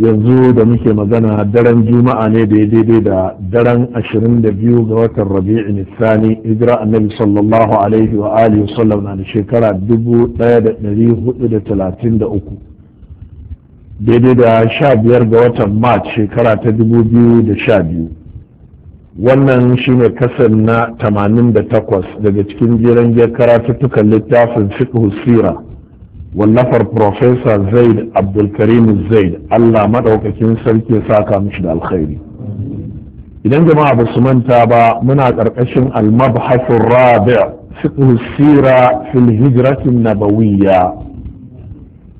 yanzu da muke magana daren juma'a ne da ya daidai da daren 22 ga watan rabi'in sani hijira annabi sallallahu alaihi wa alihi sallam na da shekara 1433 daidai da biyar ga watan march shekara ta biyu. wannan shine kasan na 88 daga cikin jiran karatuttukan littafin fiqh sira wallafar profesa zaid abdulkarim zaid allah maɗaukakin sarki saka mishi da alkhairi idan jama'a ba su manta ba muna ƙarƙashin almabhasin rabi fiqh sira fil hijratin nabawiyya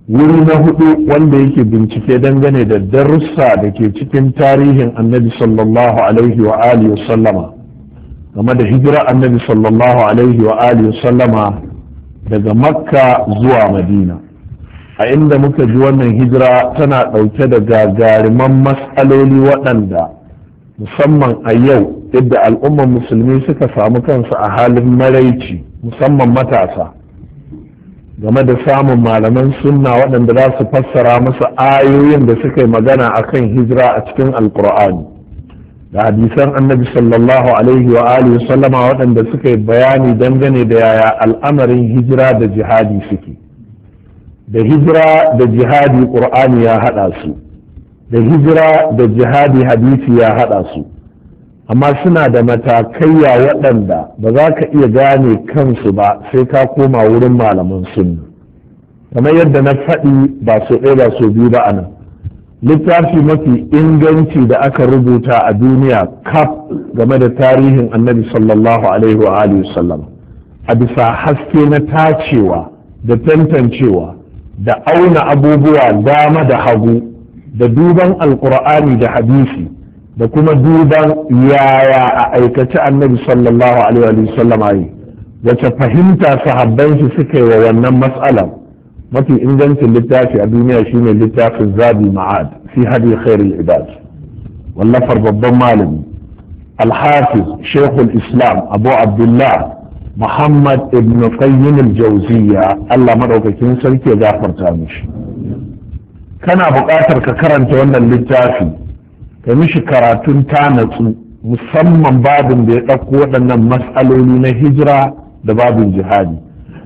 wuri na hudu wanda yake bincike dangane da darussa da ke cikin tarihin annabi sallallahu alaihi wa alihi sallama game da hijira annabi sallallahu alaihi wa alihi sallama daga makka zuwa madina a inda muka ji wannan hijira tana ɗauke da gagariman matsaloli waɗanda musamman a yau yadda al'ummar musulmi suka samu kansu a halin maraici musamman matasa game da samun malaman sunna waɗanda za su fassara masa ayoyin da suka yi magana kan hijira a cikin alkur'ani da hadisan annabi sallallahu alaihi wa alihi sallama waɗanda suka yi bayani dangane da yaya al'amarin hijira da jihadi suke da hijira da jihadi ƙur'ani ya haɗa su da hijira da jihadi hadisi ya haɗa su amma suna da matakaiya waɗanda ba za ka iya gane kansu ba sai ka koma wurin malaman sunna kamar yadda na faɗi ba so ɗaya ba so biyu ba a nan littafi mafi inganci da aka rubuta a duniya kaf game da tarihin annabi sallallahu alaihi wa sallam a bisa haske na tacewa da tantancewa da auna abubuwa dama da hagu da duban alkur'ani da hadisi da kuma duban yaya a aikace annabi sallallahu alaihi wa sallam wace fahimta sahabban shi suka yi wa wannan matsalar mafi ingancin littafi a duniya shine littafin zabi ma'ad fi hadi khairul ibad wallafar babban malami الحافظ شيخ الإسلام أبو عبد الله محمد ابن قيم الجوزية الله مدعوك كنسل كي Kana تامش كان karanta ككرن تونا للتافي كمش كراتون تانت musamman babin da ya ɗauko waɗannan matsaloli na hijira da babin jihadi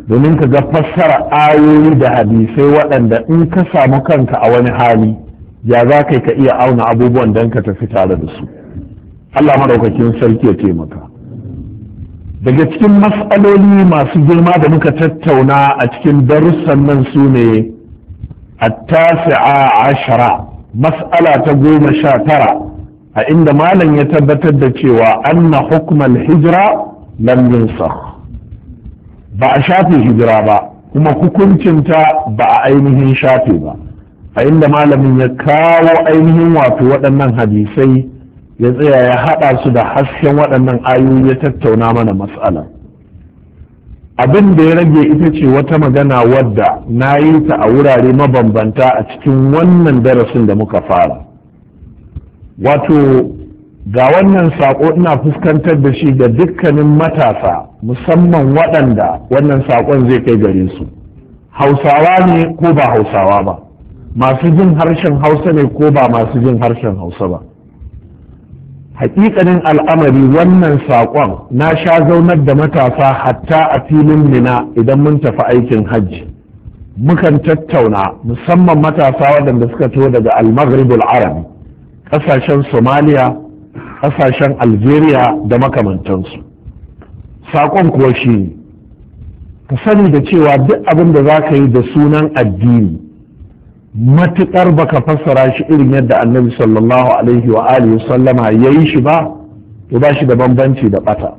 domin ka ga fassara ayoyi da hadisai waɗanda in ka samu kanka a wani hali ya za kai ka iya auna abubuwan don ka tafi tare da su Allah maɗaukakin sarki ya taimaka daga cikin matsaloli masu girma da muka tattauna a cikin darussan nan su ne tasi'a ashara mas'ala ta goma sha tara a inda malam ya tabbatar da cewa anna hukumar hijira lam yunsakh ba a shafe hijira ba kuma hukuncinta ba a ainihin shafe ba a inda malamin ya kawo ainihin wato waɗannan hadisai ya tsaya ya haɗa su da hasken waɗannan ayoyi ya tattauna mana matsala abin da ya rage ita ce wata magana wadda na yi ta a wurare mabambanta a cikin wannan darasin da muka fara wato ga wannan saƙo ina fuskantar da shi ga dukkanin matasa musamman waɗanda wannan sakon zai kai gare su hausawa ne ko ba hausawa ba masu jin harshen hausa ne ko ba masu jin harshen hausa ba hakikanin al'amari wannan saƙon na sha zaunar da matasa hatta a filin mina idan mun tafi aikin hajji mukan tattauna musamman matasa waɗanda suka to daga almagribul arabi ƙasashen somaliya ƙasashen algeria da makamantansu saƙon kuwa shi ne ka sani da cewa duk abin da za ka yi da sunan addini matuƙar baka fassara shi irin yadda annabi sallallahu alaihi wa alihi sallama ya yi shi ba to ba shi da bambanci da ɓata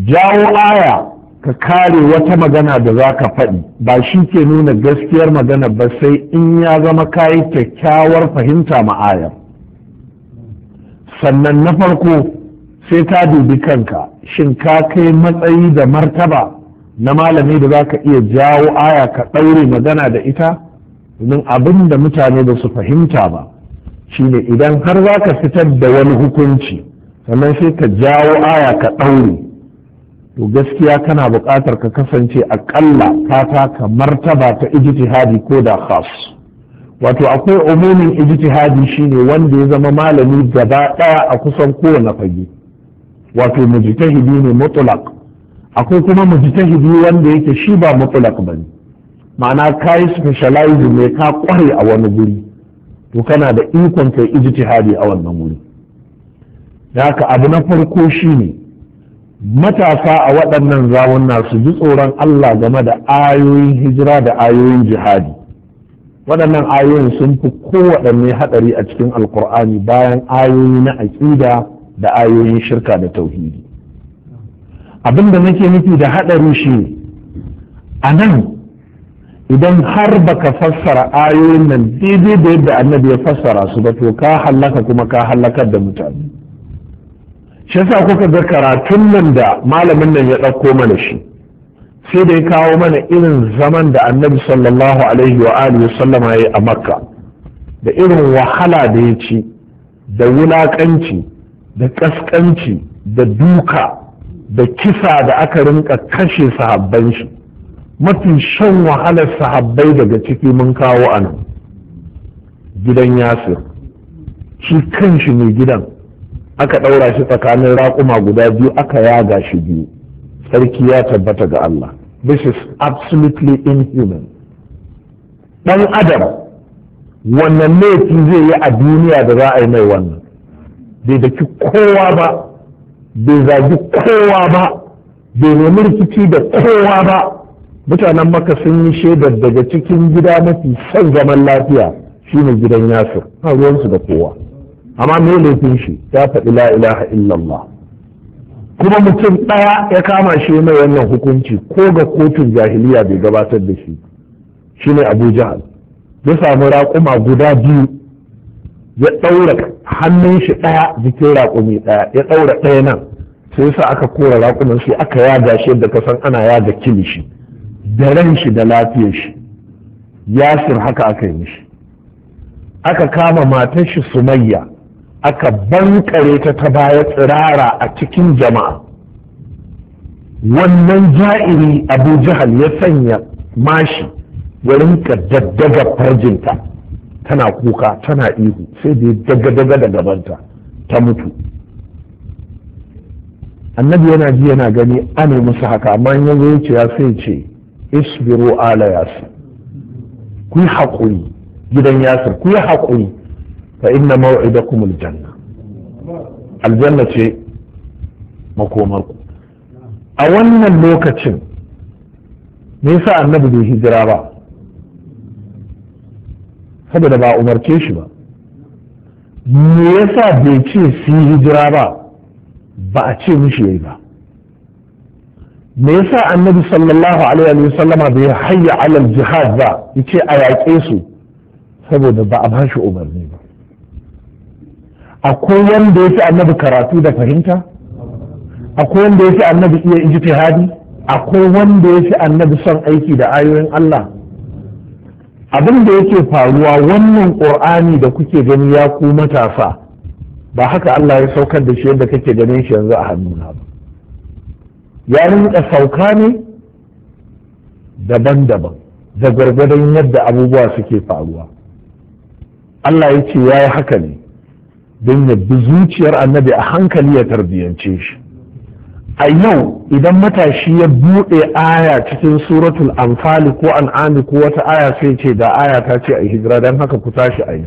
jawo aya ka kare wata magana da za ka faɗi ba shi ke nuna gaskiyar magana ba sai in ya zama kayi kyakkyawar fahimta ma'ayar sannan na farko sai ka dubi kanka shin ka kai matsayi da martaba na malami da za ka iya jawo aya ka ɗaure magana da ita domin abin da mutane ba su fahimta ba shine idan har za ka fitar da wani hukunci sannan sai ka jawo aya ka ɗaure to gaskiya kana buƙatar ka kasance aƙalla ka taka martaba ta ijtihadi ko da khas. wato akwai umumin ijtihadi shine wanda ya zama malami gaba daya a kusan kowane fage wato mujtahidi ne mutlaq akwai kuma mujtahidi wanda yake shi ba mutlaq bane ma'ana kai specialize ne ka kware a wani guri to kana da ikon kai ijtihadi a wannan guri haka abu na farko shine matasa a waɗannan zawunna su ji tsoron Allah game da ayoyin hijira da ayoyin jihadi waɗannan ayoyin sun fi kowaɗanne haɗari a cikin alkur'ani bayan ayoyi na aƙida da ayoyin shirka da tauhidi abin da nake nufi da haɗari shi a nan idan har baka fassara ayoyin nan daidai da yadda annabi ya fassara su ba to ka hallaka kuma ka hallakar da mutane shi yasa kuka ga karatun nan da malamin nan ya ɗauko mana shi sai da ya kawo mana irin zaman da annabi sallallahu alaihi wa alihi sallama ya a makka da irin wahala da ya ci da wulakanci da kaskanci da duka da kisa da aka rinka kashe sahabban shi mafi shan wahalar sahabbai daga ciki mun kawo a nan gidan yasir shi kanshi mai gidan aka ɗaura shi tsakanin raƙuma guda biyu aka yaga shi biyu sarki ya tabbata ga Allah this is absolutely inhuman dan adam wannan laifin zai yi a duniya da za a yi mai wannan bai daki kowa ba bai zagi kowa ba bai nemi rikici da kowa ba mutanen maka sun yi shaidar daga cikin gida mafi son zaman lafiya shine gidan yasir ba ruwansu da kowa amma mai laifin shi ya faɗi la ilaha illallah kuma mutum ɗaya ya kama shi mai wannan hukunci ko ga kotun jahiliya bai gabatar da shi shine abu jahal ya samu raƙuma guda biyu ya ɗaura hannun shi ɗaya jikin raƙumi ɗaya ya ɗaura ɗaya nan sai sa aka kora raƙunan shi aka yaga shi da kasan san ana yaga kilishi da ran shi da lafiyar shi yasir haka aka yi mishi aka kama matar shi sumayya aka bankare ta ta baya tsirara a cikin jama'a wannan ja'iri abu jihal ya sanya mashi wurin ka daddaga farjinta tana kuka tana ihu sai da ya daga-daga da gabanta ta mutu annabi yana ji yana gani ana musu haka amma ya zo ya sai ce isbiru ala yasir ku yi haƙuri gidan yasir ku yi haƙuri fa inna maw'idakum aljanna aljanna ce makomarku a wannan lokacin me yasa annabi bai hijira ba saboda ba umarce shi ba me yasa bai ce su hijira ba ba a ce mishi yai ba me yasa annabi sallallahu alaihi wa sallama bai hayya alal jihad ba yace a yaƙe su saboda ba a bashi umarni ba akwai wanda ya fi annabi karatu da fahimta akwai wanda ya fi annabi iya ijtihadi akwai wanda ya fi annabi son aiki da ayoyin Allah abin da yake faruwa wannan qur'ani da kuke gani ya ku matasa ba haka Allah ya saukar da shi yadda kake ganin shi yanzu a hannuna ba ya rinka sauka ne daban-daban da gwargwadon yadda abubuwa suke faruwa Allah ya ce ya yi haka ne don ya bi zuciyar annabi a hankali ya tarbiyyance shi a yau idan matashi ya buɗe aya cikin suratul anfali ko an'ami ko wata aya sai ce da aya ta ce a hijira don haka ku tashi a yi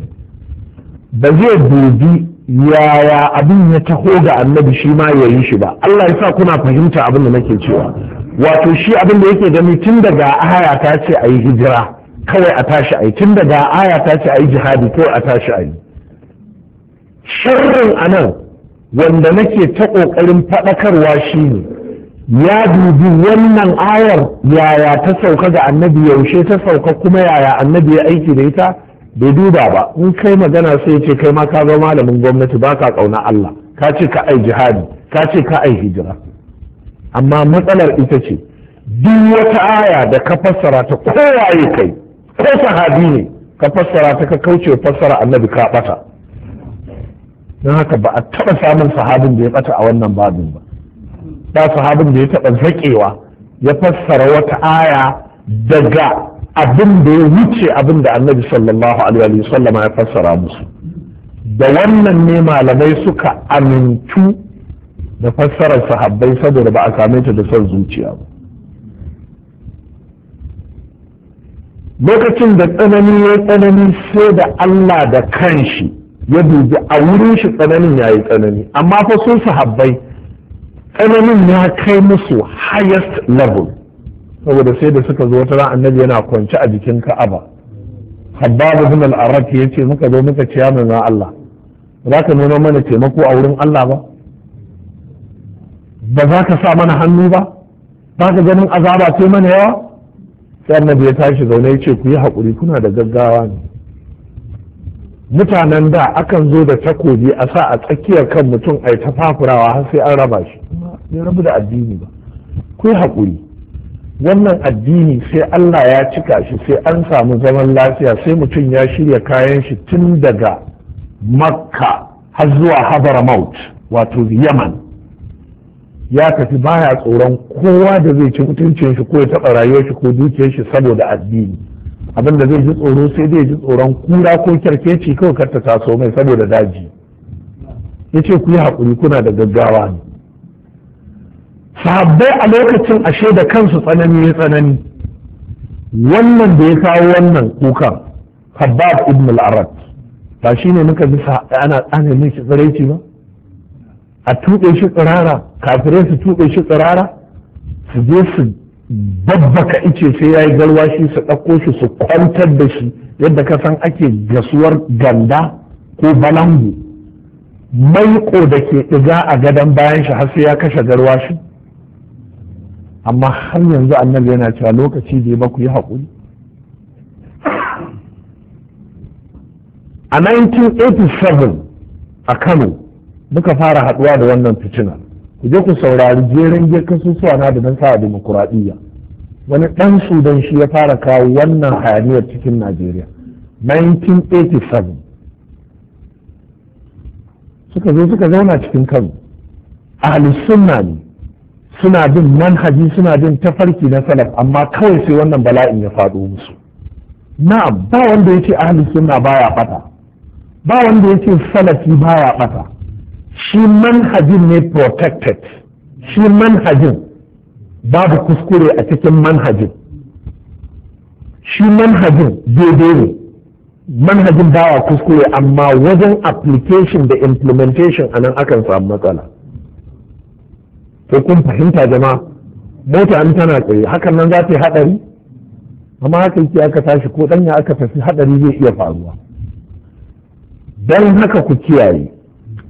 ba zai dubi yaya abin ya taho ga annabi shi ma ya yi shi ba Allah ya sa kuna fahimta abin da nake cewa wato shi abin da yake gani tun daga aya ta ce a yi hijira kawai a tashi a yi tun daga aya ta ce a yi jihadi kawai a tashi a yi sharrin a nan wanda nake ta ƙoƙarin faɗakarwa shi ne ya dubi wannan ayar yaya ta sauka ga annabi yaushe ta sauka kuma yaya annabi ya aiki da ita bai duba ba in kai magana sai ce kai ma ka zama malamin gwamnati ba ka ƙauna Allah ka ce ka ai jihadi ka ce ka ai hijira amma matsalar ita ce duk wata aya da ka fassara ta kowaye kai ko sahabi ne ka fassara ta ka kauce fassara annabi ka bata don haka ba a taɓa samun sahabin da ya ɓata a wannan babin ba ba sahabin da ya taɓa zaƙewa ya fassara wata aya daga abin da ya wuce abin da annabi sallallahu alaihi wasallam ya fassara musu da wannan ne malamai suka amintu da fassarar sahabbai saboda ba a same ta da son zuciya ba lokacin da tsanani ya tsanani sai da Allah da kanshi ya dubi a wurin shi tsananin ya yi tsanani amma fa sun sahabbai tsananin ya kai musu highest level saboda sai da suka zo wata annabi yana kwance a jikin ka'aba habbabu bin al-arab ya ce muka zo muka ciya mai Allah za ka nuna mana taimako a wurin Allah ba ba za ka sa mana hannu ba ba ka ganin azaba ce mana yawa sai annabi ya tashi zaune ya ce ku yi haƙuri kuna da gaggawa ne mutanen da akan zo da takobi a sa a tsakiyar kan mutum a ta fafurawa har sai an raba shi bai rabu da addini ba ku yi haƙuri wannan addini sai Allah ya cika shi sai an samu zaman lafiya sai mutum ya shirya kayan shi tun daga makka har zuwa hadramaut wato yaman ya tafi baya tsoron kowa da zai ci mutuncin shi ko ya taɓa rayuwar shi ko dukiyar shi saboda addini abin da zai ji tsoro sai zai ji tsoron kura ko kyarkeci kawai kar ta taso mai saboda daji ya ce ku yi haƙuri kuna da gaggawa ne sahabbai a lokacin ashe da kansu tsanani ya tsanani wannan da ya kawo wannan kukan habab ibn al-arab ba shi ne muka bisa ana tsane mai shi tsiraici ba a tuɓe shi tsirara kafirai su tuɓe shi tsirara su je su babbaka ice sai ya yi garwashi su ɗauko shi su kwantar da shi yadda ka san ake gasuwar ganda ko balangu maiko da ke ɗiga a gadon bayan shi har sai ya kashe garwashi amma har yanzu annabi yana cewa lokaci bai ba ku yi haƙuri a 1987 a kano muka fara haɗuwa da wannan fitinar ku je ku saurari jeren je kasusuwa na da sa demokuraɗiyya wani ɗan sudan shi ya fara kawo wannan hayaniyar cikin najeriya 1987 suka zo suka zauna cikin kano ahlus sunna ne suna bin manhaji suna bin tafarki na salaf amma kawai sai wannan bala'in ya faɗo musu na'am ba wanda ya ce ahlus sunna baya ɓata. ba wanda ya ce salafi baya bata shi manhajin ne protected shi manhajin babu kuskure a cikin manhajin shi manhajin daidai ne manhajin bawa kuskure amma wajen application da implementation a nan akan samu matsala kun fahimta jama'a mota in tana tsaye hakan nan za ta yi haɗari amma haka yake aka tashi ko ɗanya aka tafi haɗari zai iya faruwa don haka ku kiyaye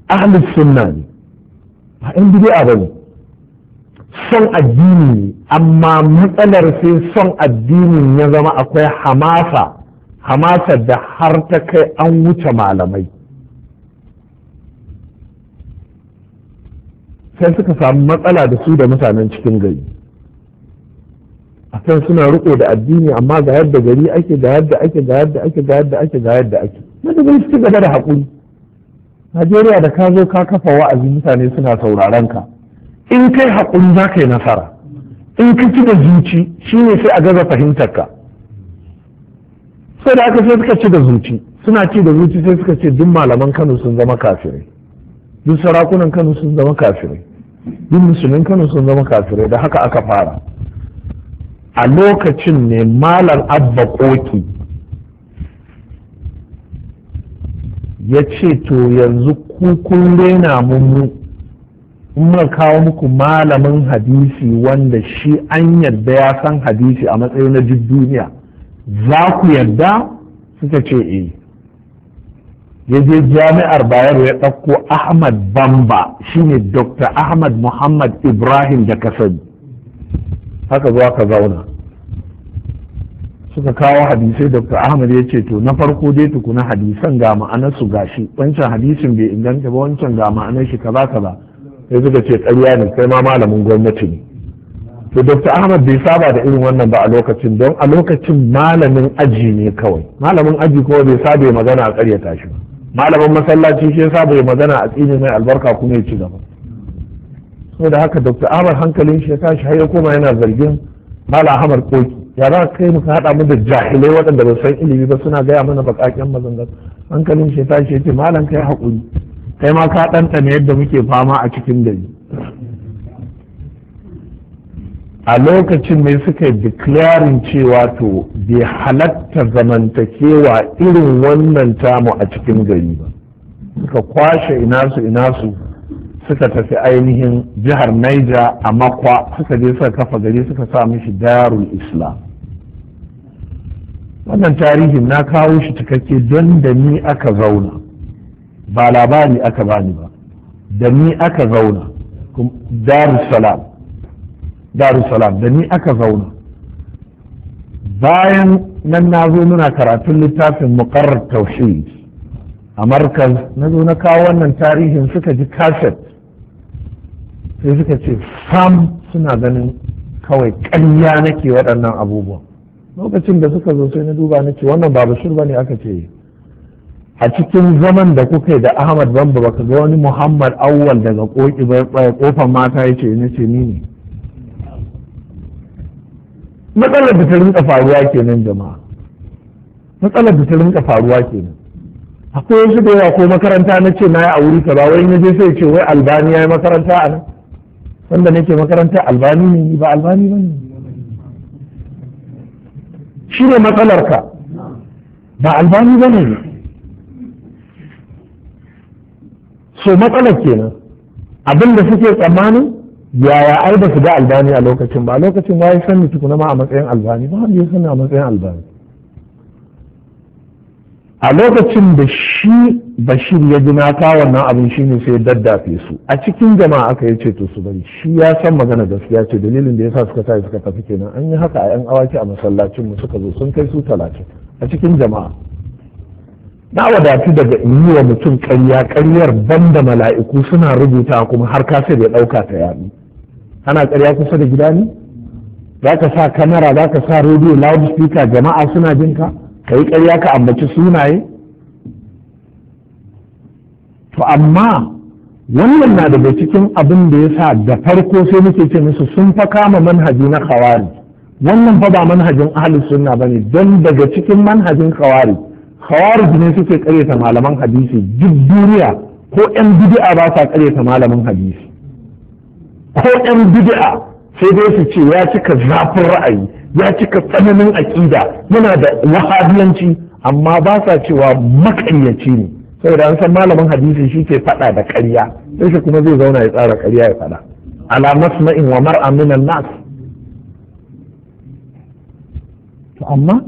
ahlus sunna ne ba yan bid'a bane son addini ne amma matsalar sai son addinin ya zama akwai hamasa hamasa da har ta kai an wuce malamai sai suka samu matsala da su da mutanen cikin gari akan suna riko da addini amma ga yadda gari ake ga yadda ake ga yadda ake ga yadda ake ga yadda ake wanda zai ci gaba da haƙuri najeriya da ka zo ka kafa wa'azi mutane suna sauraron ka in kai haƙuri za ka yi nasara in ka ci da zuci shine sai a gaza fahimtar ka sai da aka sai suka ci da zuci suna ci da zuci sai suka ce duk malaman kano sun zama kafirai duk sarakunan kano sun zama kafirai duk musulmin kano sun zama kafirai da haka aka fara a lokacin ne malar abba koki ya ce to yanzu ku kun rena in muna kawo muku malamin hadisi wanda shi an yarda ya san hadisi a matsayin na duk duniya za ku yarda suka ce eh ya je jami'ar bayero ya ɗauko ahmad bamba shi ne dr ahmad muhammad ibrahim da kasani haka zuwa ka zauna suka kawo hadisai dr ahmad ya ce to na farko dai tukuna hadisan ga ma'anar su gashi wancan hadisin bai inganta ba wancan ga ma'anar shi kaza kaza sai suka ce ƙarya ne kai ma malamin gwamnati ne to dr ahmad bai saba da irin wannan ba a lokacin don a lokacin malamin aji ne kawai malamin aji kuma bai saba magana a ta shi malamin masallaci shi ya saba magana a tsini mai albarka kuma ya ci gaba saboda haka dr ahmad hankalin shi ya tashi har ya koma yana zargin malam ahmad koki ya za kai mu haɗa mu da jahilai waɗanda ba san ilimi ba suna gaya mana baƙaƙen mazangar hankalin shi tashi ya ce malam kai haƙuri kai ma ka ɗanɗana yadda muke fama a cikin gari a lokacin ne suka yi declaring cewa to bai halatta zamantakewa irin wannan tamu a cikin gari ba suka kwashe ina su ina su suka tafi ainihin jihar Niger a makwa suka je suka kafa gari suka sa mishi darul islam wannan tarihin na kawo shi cikakke don da ni aka zauna ba labari aka bani ba da ni aka zauna darussalam darussalam da ni aka zauna bayan nan na zo muna karatun littafin muqarrar tauhid a markaz na zo na kawo wannan tarihin suka ji kaset sai suka ce sam suna ganin kawai ƙarya nake waɗannan abubuwan lokacin da suka zo sai na duba na ce wannan ba bashir ba ne aka ce a cikin zaman da kuka yi da ahmad bamba baka ga wani muhammad awwal daga kofar mata ya ce na ce ni ne matsalar da ta rinka faruwa kenan jama'a matsalar da ta rinka faruwa kenan akwai wasu da yawa ko makaranta na ce na yi a wuri ka ba wai na je sai ce wai albani ya yi makaranta a nan wanda nake makaranta albani ne ba albani ba ne shi ne matsalarka ba albani ba ne so matsalar kenan abin da suke tsammanin yaya ai ba su ga albani a lokacin ba a lokacin waye sani tukuna ma a matsayin albani ba ya sani a matsayin albani a lokacin da shi bashir ya ji nata wannan abin shi ne sai daddafe su a cikin jama'a aka yi to su bari shi ya san magana gaskiya ce dalilin da ya sa suka tafi suka tafi kenan an yi haka a yan awaki a masallacin mu suka zo sun kai su talatin a cikin jama'a na wadatu daga yi wa mutum karya karyar ban da mala'iku suna rubuta kuma har sai ya ɗauka ta yaɗu ana karya kusa da gida ne za ka sa kamera za ka sa rediyo loudspeaker jama'a suna jinka ka yi ƙarya ka ambaci sunaye to amma wannan na daga cikin abin da ya sa da farko sai muke ce musu sun fa kama manhaji na khawari wannan fa ba manhajin ahlus sunna bane don daga cikin manhajin khawari khawari ne suke karyata malaman hadisi duk duniya ko yan bid'a ba sa karyata malaman hadisi ko yan bid'a sai dai su ce ya cika zafin ra'ayi ya cika tsananin aƙida muna da wahabiyanci amma ba sa cewa makayyaci ne saboda an san malamin hadisi shi ke faɗa da ƙarya sai kuma zai zauna ya tsara ƙarya ya faɗa ala masma'in wa mar'a minan nas to amma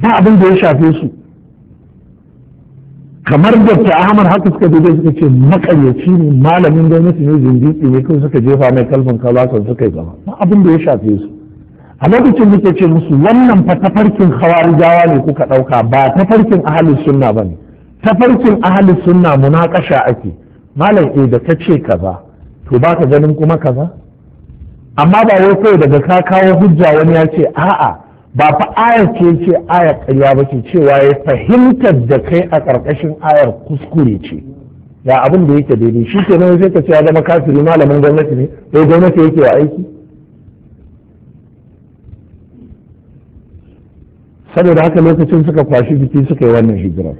ba abin da ya shafe su kamar da Ahmad haka suka dubai suka ce makayyaci ne malamin gwamnati ne zindiki ne kuma suka jefa mai kalfin kalasan suka yi zama ba abin da ya shafe su a lokacin muke ce musu wannan fa tafarkin hawarijawa ne kuka ɗauka ba tafarkin ahalin sunna ba ne tafarkin ahalin sunna munakasha ake malam e da ta ce kaza to ba ka ganin kuma kaza amma ba wai kawai daga ka kawo hujja wani ya ce a'a ba fa ayar ce ce ayar ƙarya ba ce cewa ya fahimtar da kai a ƙarƙashin ayar kuskure ce ya abin da yake daidai shi ke nan sai ka ce ya zama kafiri malamin gwamnati ne sai gwamnati yake wa aiki saboda haka lokacin suka kwashi biki suka yi wannan hijirar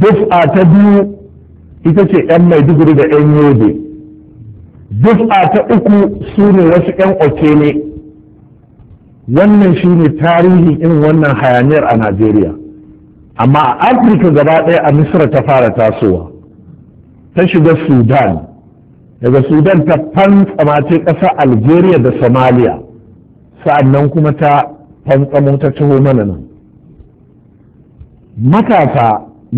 duf'a ta biyu ita ce 'yan maiduguri da 'yan yobe duf'a ta uku su ne wasu 'yan oke ne wannan shi ne tarihin irin wannan hayaniyar a najeriya amma a afirka gaba ɗaya a misra ta fara tasowa ta shiga sudan daga sudan ta fantsama ce ƙasa algeria da somalia sa'annan kuma ta tantsamo ta taho mana nan matasa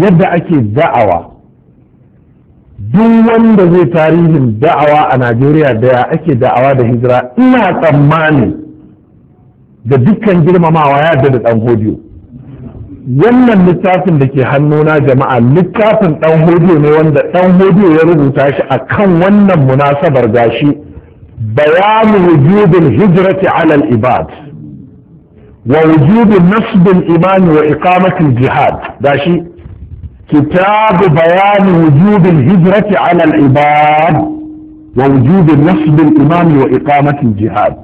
yadda ake da'awa duk wanda zai tarihin da'awa a najeriya da ake da'awa da hijira ina tsammani da dukkan girmamawa ya da dan hodiyo wannan littafin da ke hannuna jama'a littafin dan hodiyo ne wanda dan hodiyo ya rubuta shi a kan wannan munasabar gashi bayanin wujudin hijirati alal ibad ووجوب نصب الإيمان وإقامة الجهاد داشي كتاب بيان وجوب الهجرة على العباد ووجوب نصب الإيمان وإقامة الجهاد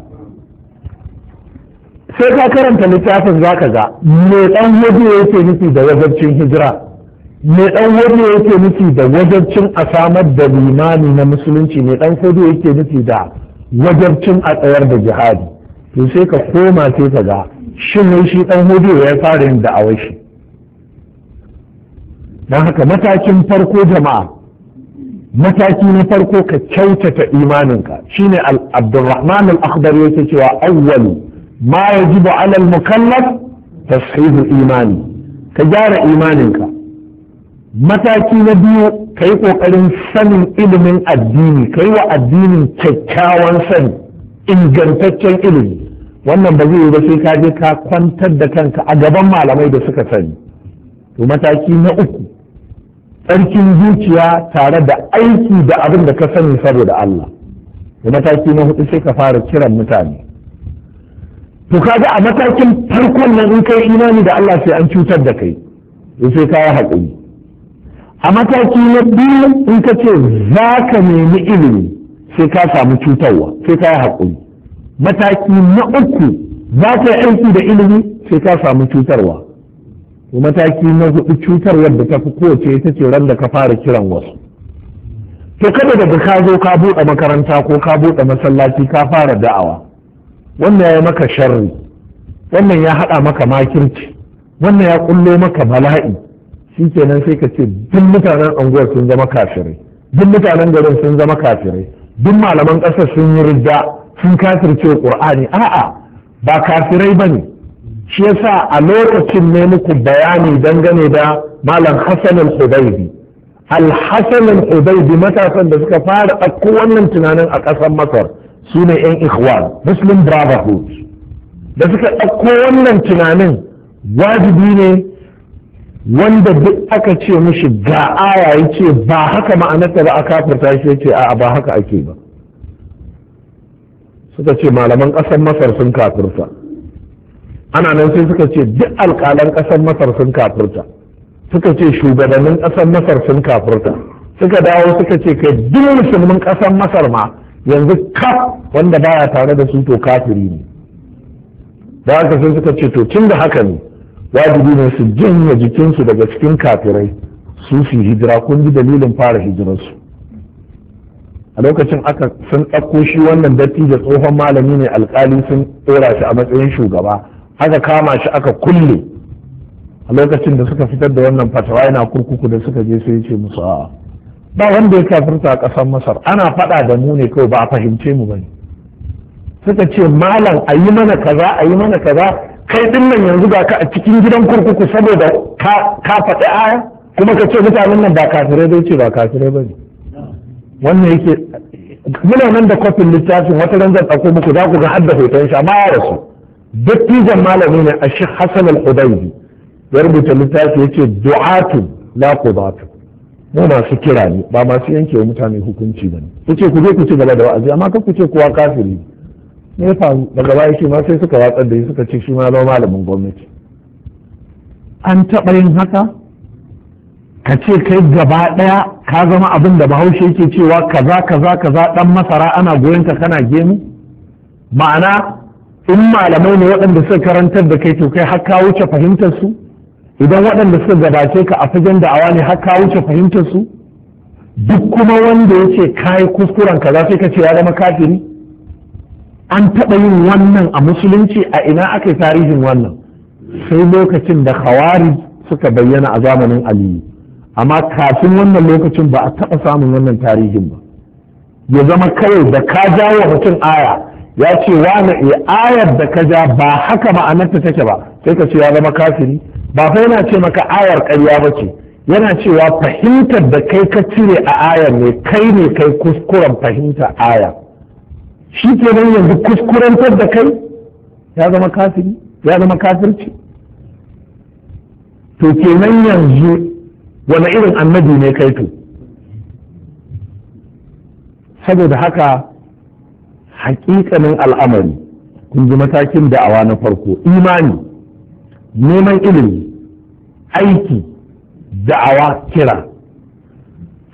سيكا كرمت لتعافى ذاك ذا ميتان يدي ويتي نتي دا وزر چين هجرة ميتان يدي ويتي نتي دا وزر چين أسامة دا بيمان نمسلين چين ميتان يدي ويتي نتي دا وزر چين أتوار دا جهاد خوما سيكا ذا shin ne shi ɗan hudu ya fara yin da'awai shi don haka matakin farko jama'a mataki na farko ka kyautata imaninka shine abdurrahman al-akhdar yake cewa awwalu ma yajibu ala al-mukallaf tashihu imani ka gyara imaninka mataki na biyu ka yi ƙoƙarin sanin ilimin addini ka yi wa addinin kyakkyawan sani ingantaccen ilimi wannan ba zai yi ba sai ka je ka kwantar da kanka a gaban malamai da suka sani to mataki na uku tsarkin zuciya tare da aiki da abin da ka sani saboda Allah to mataki na hudu sai ka fara kiran mutane to kaga a matakin farkon nan in kai imani da Allah sai an cutar da kai to sai ka yi haƙuri a mataki na biyu in ka ce za ka nemi ilimi sai ka samu cutarwa sai ka yi haƙuri mataki na uku za ka yi aiki da ilimi sai ka samu cutarwa mataki na hudu cutarwar da ta fi kowace ita ce ran da ka fara kiran wasu to kada daga ka zo ka buɗe makaranta ko ka buɗe masallaci ka fara da'awa wannan ya maka sharri wannan ya haɗa maka makirci wannan ya kullo maka bala'i shi kenan sai ka ce duk mutanen anguwar sun zama kafirai duk mutanen garin sun zama kafirai duk malaman ƙasar sun yi rida sun kafirce ƙur'ani a'a ba kafirai bane shi yasa a lokacin ne muku bayani dangane da malam Hassan al-Hudaybi al-Hassan al matasan da suka fara ɗauko wannan tunanin a ƙasar Masar su ne 'yan ikhwan Muslim Brotherhood da suka ɗauko wannan tunanin wajibi ne wanda duk aka ce mishi ga aya yace ba haka ma'anarta ba a kafirta shi ce, a'a ba haka ake ba suka ce malaman ƙasar masar sun kafirta ana nan sai suka ce duk alƙalan ƙasar masar sun kafirta suka ce shugabannin ƙasar masar sun kafirta suka dawo suka ce kai duk musulmin ƙasar masar ma yanzu kaf wanda baya tare da su to kafiri ne da haka sai suka ce to tun da haka ne wajibi ne su janye jikinsu daga cikin kafirai su su hijira kun ji dalilin fara hijirarsu a lokacin aka sun ɗauko shi wannan dattijo tsohon malami ne alkali sun ɗora shi a matsayin shugaba aka kama shi aka kulle a lokacin da suka fitar da wannan fatawa yana kurkuku da suka je sai ce musu a'a ba wanda ya kafirta a ƙasar masar ana faɗa da mu ne kawai ba a fahimce mu bane suka ce malam a yi mana kaza a yi mana kaza kai ɗin nan yanzu ga ka a cikin gidan kurkuku saboda ka faɗi aya kuma ka ce mutanen nan ba kafirai dai ce ba kafirai bane wannan yake muna nan da kofin littafin wata ran zan ɗauko muku za ku ga hadda hoton shi amma ya rasu dattijan malami ne a shi hasan al-hudaybi ya rubuta littafi yake du'atu la qudatu mu masu kira ne ba masu yanke wa mutane hukunci ne yace ku je ku ci gaba da wa'azi amma kan ku ce kowa kafiri ne ya faru daga baya shi ma sai suka watsar da shi suka ce shi ma zama malamin gwamnati an taɓa yin haka ka ce kai gaba ɗaya ka zama abin da bahaushe yake cewa kaza kaza kaza ɗan masara ana goyonka kana gemu ma'ana in malamai ne waɗanda suka karantar da kai to kai har ka wuce fahimtar su idan waɗanda suka gabace ka a fagen da awa ne har ka wuce fahimtar su duk kuma wanda ya ce ka yi kuskuren kaza sai ka ce ya zama kafiri an taɓa yin wannan a musulunci a ina aka yi tarihin wannan sai lokacin da khawari suka bayyana a zamanin aliyu amma kafin wannan lokacin ba a taɓa samun wannan tarihin ba ya zama kawai da ka jawo mutum aya ya ce wa na e eh, ayar da ka ja ba haka ma'anarta take ba sai ka ce ya zama kafiri ba fa yana ce maka ayar ƙarya ba ce yana cewa fahimtar da kai ka cire a ayar ne kai ne kai kuskuren fahimtar aya shi ke nan yanzu kuskurantar da kai ya zama kafiri ya zama kafirci to kenan yanzu wani irin annabi ne kai to saboda haka hakikanin al'amari kun ji matakin da'awa na farko imani neman ilimi aiki da'awa kira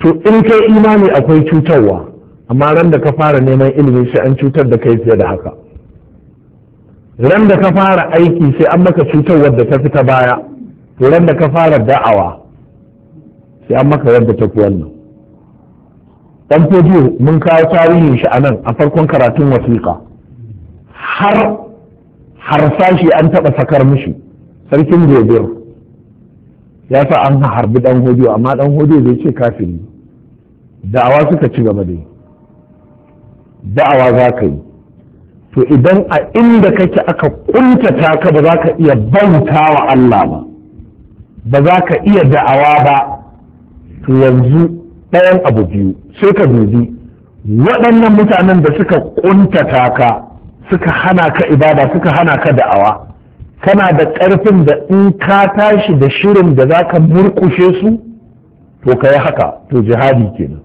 to in kai imani akwai cutarwa amma ran da ka fara neman ilimi sai an cutar da kai fiye da haka ran da ka fara aiki sai an maka cutarwar da ta fi ta baya Randa ran da ka fara da'awa sai an maka yadda ta wannan dan fodiyo mun kawo tarihin shi a nan a farkon karatun wasiƙa har harsashi an taɓa sakar mishi sarkin gobir ya sa an harbi dan hodiyo amma dan hodiyo zai ce kafin da'awa suka ci gaba dai da'awa za ka yi to idan a inda kake aka kuntata ka ba za ka iya bauta wa Allah ba ba za ka iya da'awa ba to yanzu ɗayan abu biyu sai ka dubi waɗannan mutanen da suka ƙunta ka suka hana ka ibada suka hana ka da'awa kana da ƙarfin da in ka tashi da shirin da za ka murkushe su to ka yi haka to jihadi kenan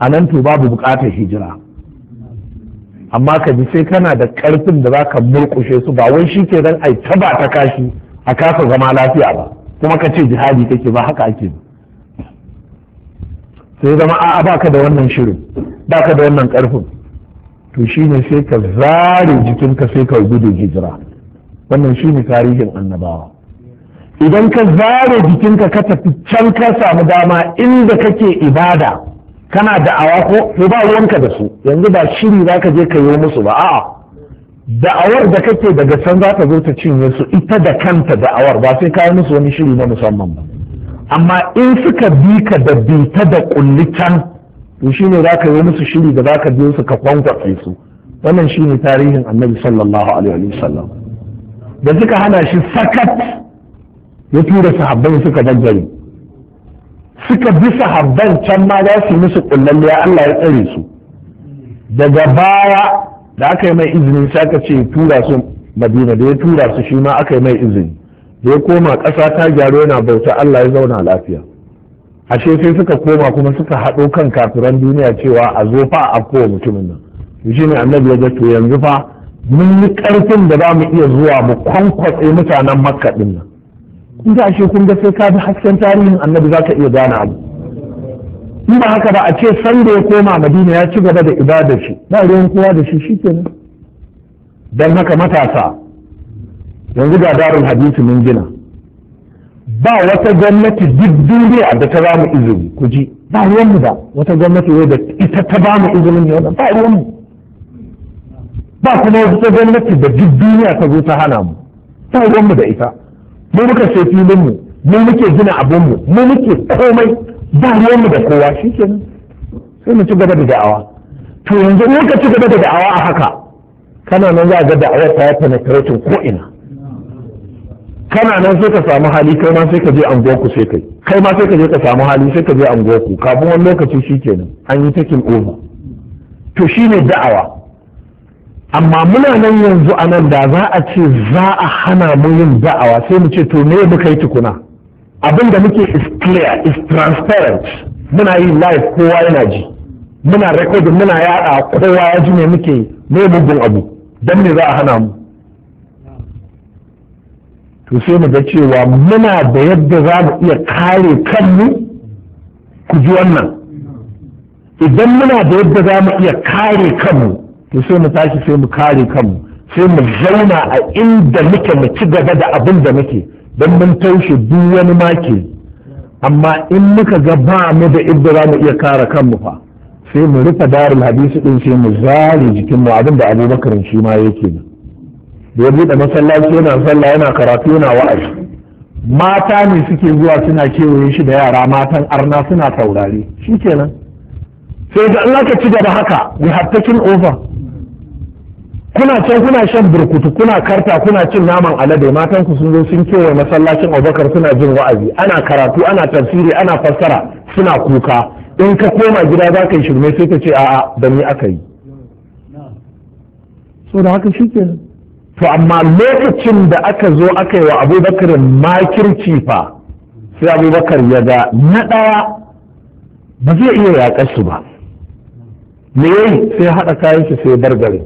a nan to babu buƙatar hijira amma ka ji sai kana da ƙarfin da za ka murƙushe su ba wai shi ke ai ta ta kashi a kasa zama lafiya ba kuma ka ce jihadi kake ba haka ake ba sai zama a'a baka da wannan shirin baka da wannan karfin to shine sai ka zare jikinka sai ka gudu hijira wannan shine tarihin annabawa idan ka zare jikinka ka tafi can ka samu dama inda kake ibada kana da'awa ko to ba ruwanka da su yanzu ba shiri za ka je ka yi musu ba a'a da'awar da kake daga can za ta zo ta cinye su ita da kanta da'awar ba sai ka yi musu wani shiri na musamman ba amma in suka bi ka da bita da kulli can to ne za ka yi musu shiri da za ka biyo su ka kwankwace su wannan ne tarihin annabi sallallahu alaihi wasallam da suka hana shi sakat ya tura sahabbai suka daggare suka bi sahabban can ma za su yi musu kullalliya Allah ya tsare su daga baya da aka yi mai izini sai aka ce tura su madina da ya tura su shi ma aka yi mai izini ya koma ƙasa ta gyaru yana bauta Allah ya zauna lafiya ashe sai suka koma kuma suka haɗo kan kafiran duniya cewa a zo fa a kowa mutumin nan shi ne annabi ya ga to yanzu fa mun yi ƙarfin da za mu iya zuwa mu kwankwatse mutanen makka ɗin nan kun ga ashe kun ga sai ka bi hasken tarihin annabi za ka iya gane abu in ba haka ba a ce sanda ya koma madina ya ci gaba da ibadar shi ba ruwan kowa da shi shi kenan dan haka matasa yanzu ga darul hadisi mun gina ba wata gwamnati duk duniya da ta bamu izini ku ji ba ruwanmu ba wata gwamnati wai ita ta bamu izinin ne wannan ba ruwanmu ba kuma wata gwamnati da duk duniya ta zo ta hana mu ba ruwanmu da ita mu muka ce filinmu mu muke gina abinmu mu muke komai ba ruwanmu da kowa shikenan sai mu ci gaba da da'awa to yanzu in ka ci gaba da da'awa a haka kana nan za ga da'awar ta yi karatu ko ina kana nan sai ka samu hali kai ma sai ka je anguwarku sai kai kai ma sai ka je ka samu hali sai ka je anguwarku kafin wani lokaci shi nan an yi takin over to shi ne da'awa amma muna nan yanzu a nan da za a ce za a hana mu yin da'awa sai mu ce to me mu kai tukuna abin da muke is clear is transparent muna yi live kowa yana ji muna recording muna yada kowa ya ji me muke ne mugun abu dan me za a hana mu to sai mu ga cewa muna da yadda za mu iya kare kanmu ku ji wannan idan muna da yadda za mu iya kare kanmu to sai mu tashi sai mu kare kanmu sai mu zauna a inda muke mu ci gaba da abin da muke don mun taushe duk wani make amma in muka ga ba mu da idda za mu iya kare kanmu fa sai mu rufe darul hadisi din sai mu zare jikinmu mu abin da abubakar shi ma yake nan da ya buɗe masallaci yana sallah yana karatu yana wa'azi mata ne suke zuwa suna kewaye shi da yara matan arna suna taurari shi kenan sai da Allah ka ci gaba haka we have taken over kuna can kuna shan burkutu kuna karta kuna cin naman alade matan ku sun zo sun kewaye masallacin Abubakar suna jin wa'azi ana karatu ana tafsiri ana fassara suna kuka in ka koma gida za ka yi shirme sai ka ce a'a da ni aka yi so da haka shi kenan to amma lokacin da aka zo aka yi wa abubakar makirci fa sai abubakar ya ga na ɗaya ba zai iya yaƙa su ba me yayi sai haɗa kayan shi sai bargare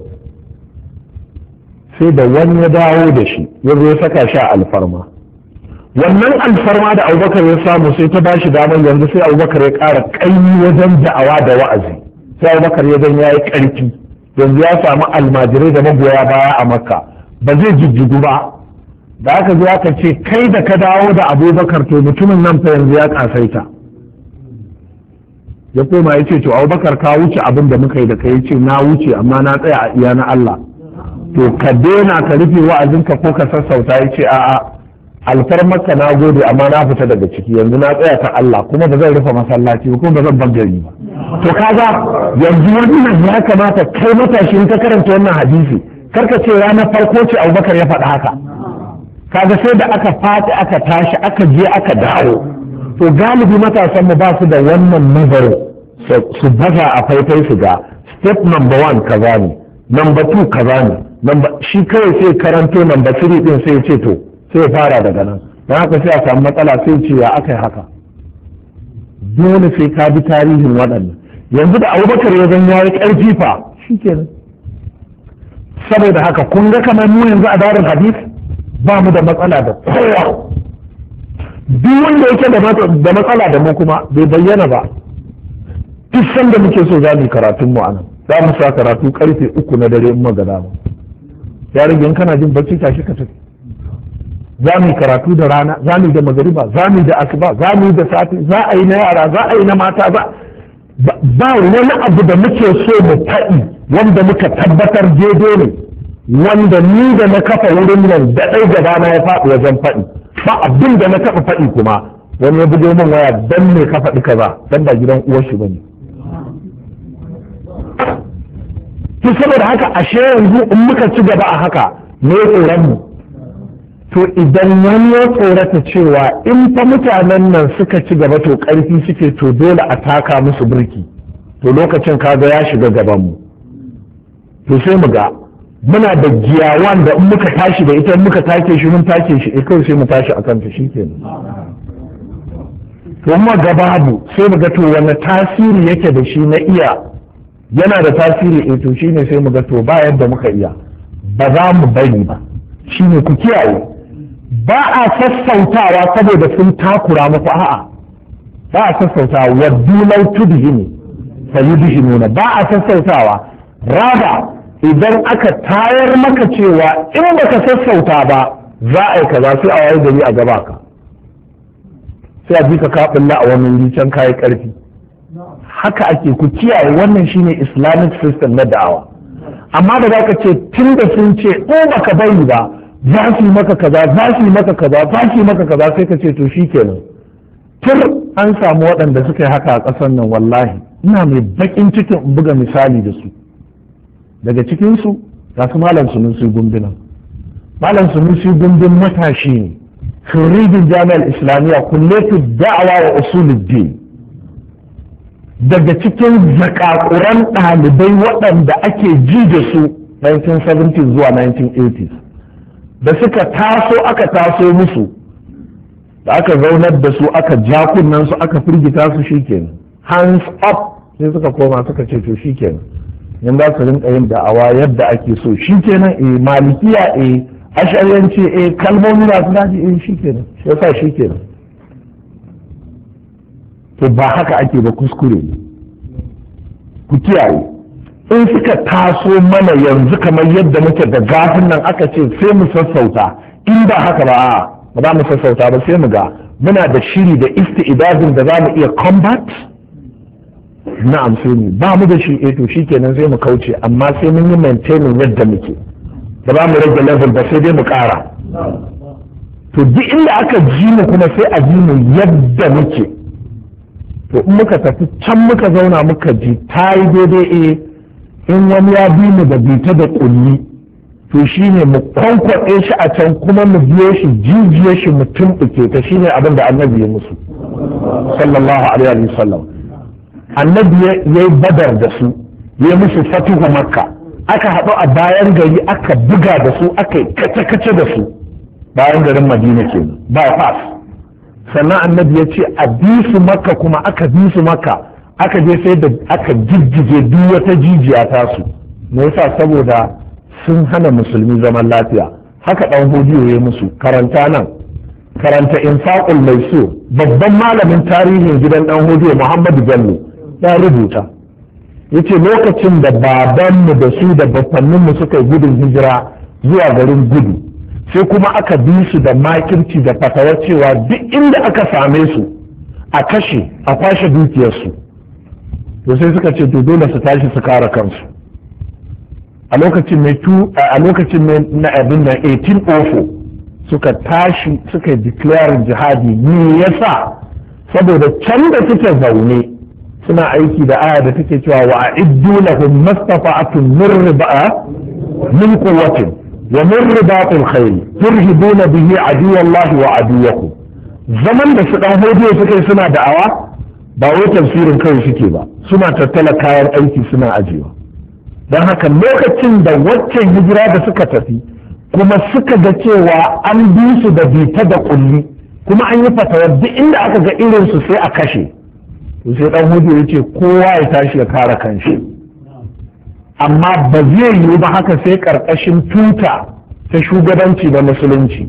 sai da wani ya dawo da shi ya zo saka shi a alfarma wannan alfarma da abubakar ya samu sai ta ba shi damar yanzu sai abubakar ya ƙara ƙaimi wajen da'awa da wa'azi sai abubakar ya zan ya yi ƙarfi yanzu ya samu almajirai da magoya baya a makka ba zai jijjigu ba da aka zo aka ce kai da ka dawo da abubakar to mutumin nan fa yanzu ya kasaita ya koma ya ce to abubakar ka wuce abin da muka yi da kai ya ce na wuce amma na tsaya a iya na Allah to ka daina ka rufe wa'azinka ko ka sassauta ya ce a'a alfarmarka na gode amma na fita daga ciki yanzu na tsaya ta Allah kuma ba zan rufe masallaci ba kuma ba zan bangare ba to kaga yanzu wannan ya kamata kai matashin ka karanta wannan hadisi karka ce ranar farko ce abubakar ya faɗa haka kaga sai da aka fati aka tashi aka je aka dawo to galibi matasan mu ba su da wannan nazari su baza a faifai su ga step number one kaza ne number two kaza ne shi kawai sai karanto number three din sai ce to sai fara daga nan don haka sai a samu matsala sai ce ya aka yi haka dole sai ka bi tarihin waɗannan yanzu da abubakar ya zan yayi ƙarfi fa shi kenan saboda haka kun ga kamar mu yanzu a darin hadis ba mu da matsala da kowa duk wanda yake da matsala da mu kuma bai bayyana ba duk sanda muke so za mu karatun mu anan za mu sa karatu karfe uku na dare mu ga dama ya rage in kana jin bacci shi ka tafi za mu karatu da rana za mu da magariba za mu da asuba za mu da sati za a yi na yara za a yi na mata za ba wani abu da muke so mu faɗi wanda muka tabbatar daidai ne wanda ni da na kafa wurin nan da ɗai gaba na ya faɗi wajen faɗi ba abin da na taɓa faɗi kuma wani ya bugo min waya dan me ka faɗi kaza dan ba gidan uwar shi bane to saboda haka ashe yanzu in muka ci gaba a haka me ya tsoron mu to idan wani ya tsorata cewa in fa mutanen nan suka ci gaba to ƙarfi suke to dole a taka musu birki to lokacin kaga ya shiga gabanmu to sai mu ga muna da giyawan da in muka tashi da ita muka take shi mun take shi eh, ikon sai mu tashi akan ta shi kenan to mu ga babu sai mu ga to wani tasiri yake da shi na iya yana da tasiri eh to shine sai mu ga to ba yadda muka iya ba za mu bari ba shine ku kiyaye ba a sassautawa saboda sun takura masa a'a ba a sassautawa waddu sayi tudhinu fayudhinuna ba a sassautawa rada idan aka tayar maka cewa in baka sassauta ba za a yi kaza sai a wayi gari a gaba ka sai a jika kafin na a wani rican kayan karfi haka ake ku kiyaye wannan shine islamic system na da'awa amma da ka ce tun da sun ce in oh, baka bari ba za su maka kaza za su maka kaza za su maka kaza sai ka ce to shikenan tur an samu waɗanda suka yi haka a ƙasar nan wallahi ina mai baƙin cikin buga misali da su daga cikinsu ga su malam sunusi gumbina malam gumbin matashi ne firidin jami'ar islamiyya kullatu da'awa wa usuluddin daga cikin zakakuran ɗalibai waɗanda ake ji da su 1970 zuwa 1980 da suka taso aka taso musu da aka zaunar da su aka ja kunnan su aka firgita su shikenan hands up sai suka koma suka ce to shikenan in za su rinka yin da'awa yadda ake so shikenan eh malikiya eh ashariyanci eh kalmomi za suna eh shikenan ya sa shikenan to ba haka ake ba kuskure ku kiyaye in suka taso mana yanzu kamar yadda muke da gafin nan aka ce sai mu sassauta in ba haka ba ba za mu sassauta ba sai mu ga muna da shiri da isti'idadin da za mu iya combat na sai ba mu da shi eto eh, to shikenan sai mu kauce amma sai mun yi maintaining yadda muke ba mu rage level ba sai dai mu kara to duk inda aka ji mu kuma sai a ji mu yadda muke to in muka tafi can muka zauna muka ji ta yi daidai eh in wani ya bi mu da bita da kulli to shine mu kwankwaɗe shi a can kuma mu biye shi jijiye shi mu tumɓuke ta shine abin da annabi ya musu sallallahu alaihi wa sallam annabi ya yi badar da su ya musu fatihu makka aka haɗu a bayan gari aka buga da su aka yi kace-kace da su bayan garin madina ke fas sannan annabi ya ce a bi su makka kuma aka bi su makka aka je sai da aka jijjige duk wata jijiya su, me yasa saboda sun hana musulmi zaman lafiya haka dan hodiyo ya musu karanta nan karanta infaqul maisu babban malamin tarihin gidan dan hodiyo Muhammadu Bello ya rubuta yace lokacin da babanmu da su da mu suka yi gudun hijira zuwa garin gudu sai kuma aka bi su da makirci da fatawar cewa duk inda aka same su a kashe a kwashe dukiyarsu to sai suka ce to dole su tashi su kare kansu a lokacin mai tu a lokacin na abin nan 1804 suka tashi suka declare jihadi ne yasa saboda can da suke zaune suna aiki da aya da take cewa wa a'iddu lahum mastafa'atun min riba'a min quwwatin wa min ribatil khayr turhibuna bihi aduwallahi wa aduwakum zaman da su dan hodiyo suka suna da'awa ba wai tafsirin kawai suke ba suna tattala kayan aiki suna ajiyewa don haka lokacin da waccan hijira da suka tafi kuma suka ga cewa an bi su da bita da kulli kuma an yi fatawa duk inda aka ga irin su sai a kashe sai dan hudu ya ce kowa ya tashi ya kara kanshi amma ba zai yiwu ba haka sai karkashin tuta ta shugabanci da musulunci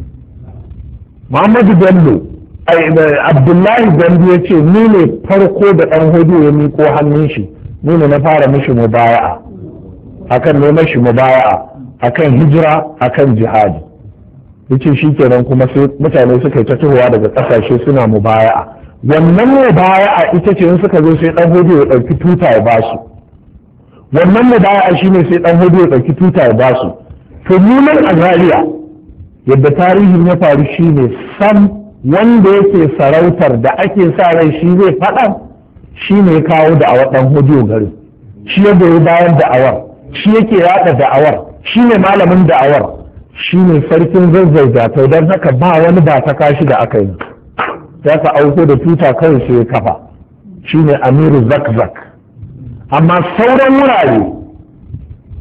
muhammadu bello abdullahi gambi ya ce ni ne farko da ɗan hudu ya miko hannun shi ni ne na fara mishi mubaya'a akan ne mashi mubaya'a akan hijira akan jihadi yace shi kenan kuma sai mutane suka yi ta tuhuwa daga ƙasashe suna mubaya'a wannan mubaya'a ita ce in suka zo sai ɗan hudu ya ɗauki tuta ya ba su wannan mubaya'a ne sai ɗan hudu ya ɗauki tuta ya ba su to nunan a yadda tarihin ya faru shi ne sam wanda yake sarautar da ake sa rai shi zai faɗa shi ne kawo da da'awar ɗan hudu gari shi ya goyi bayan da'awar shi yake yaɗa da'awar shi ne malamin da'awar shi ne sarkin da jatau don haka ba wani ba ta kashi da aka yi ya ka auko da tuta kawai shi ya kafa shi ne amiru zakzak amma sauran wurare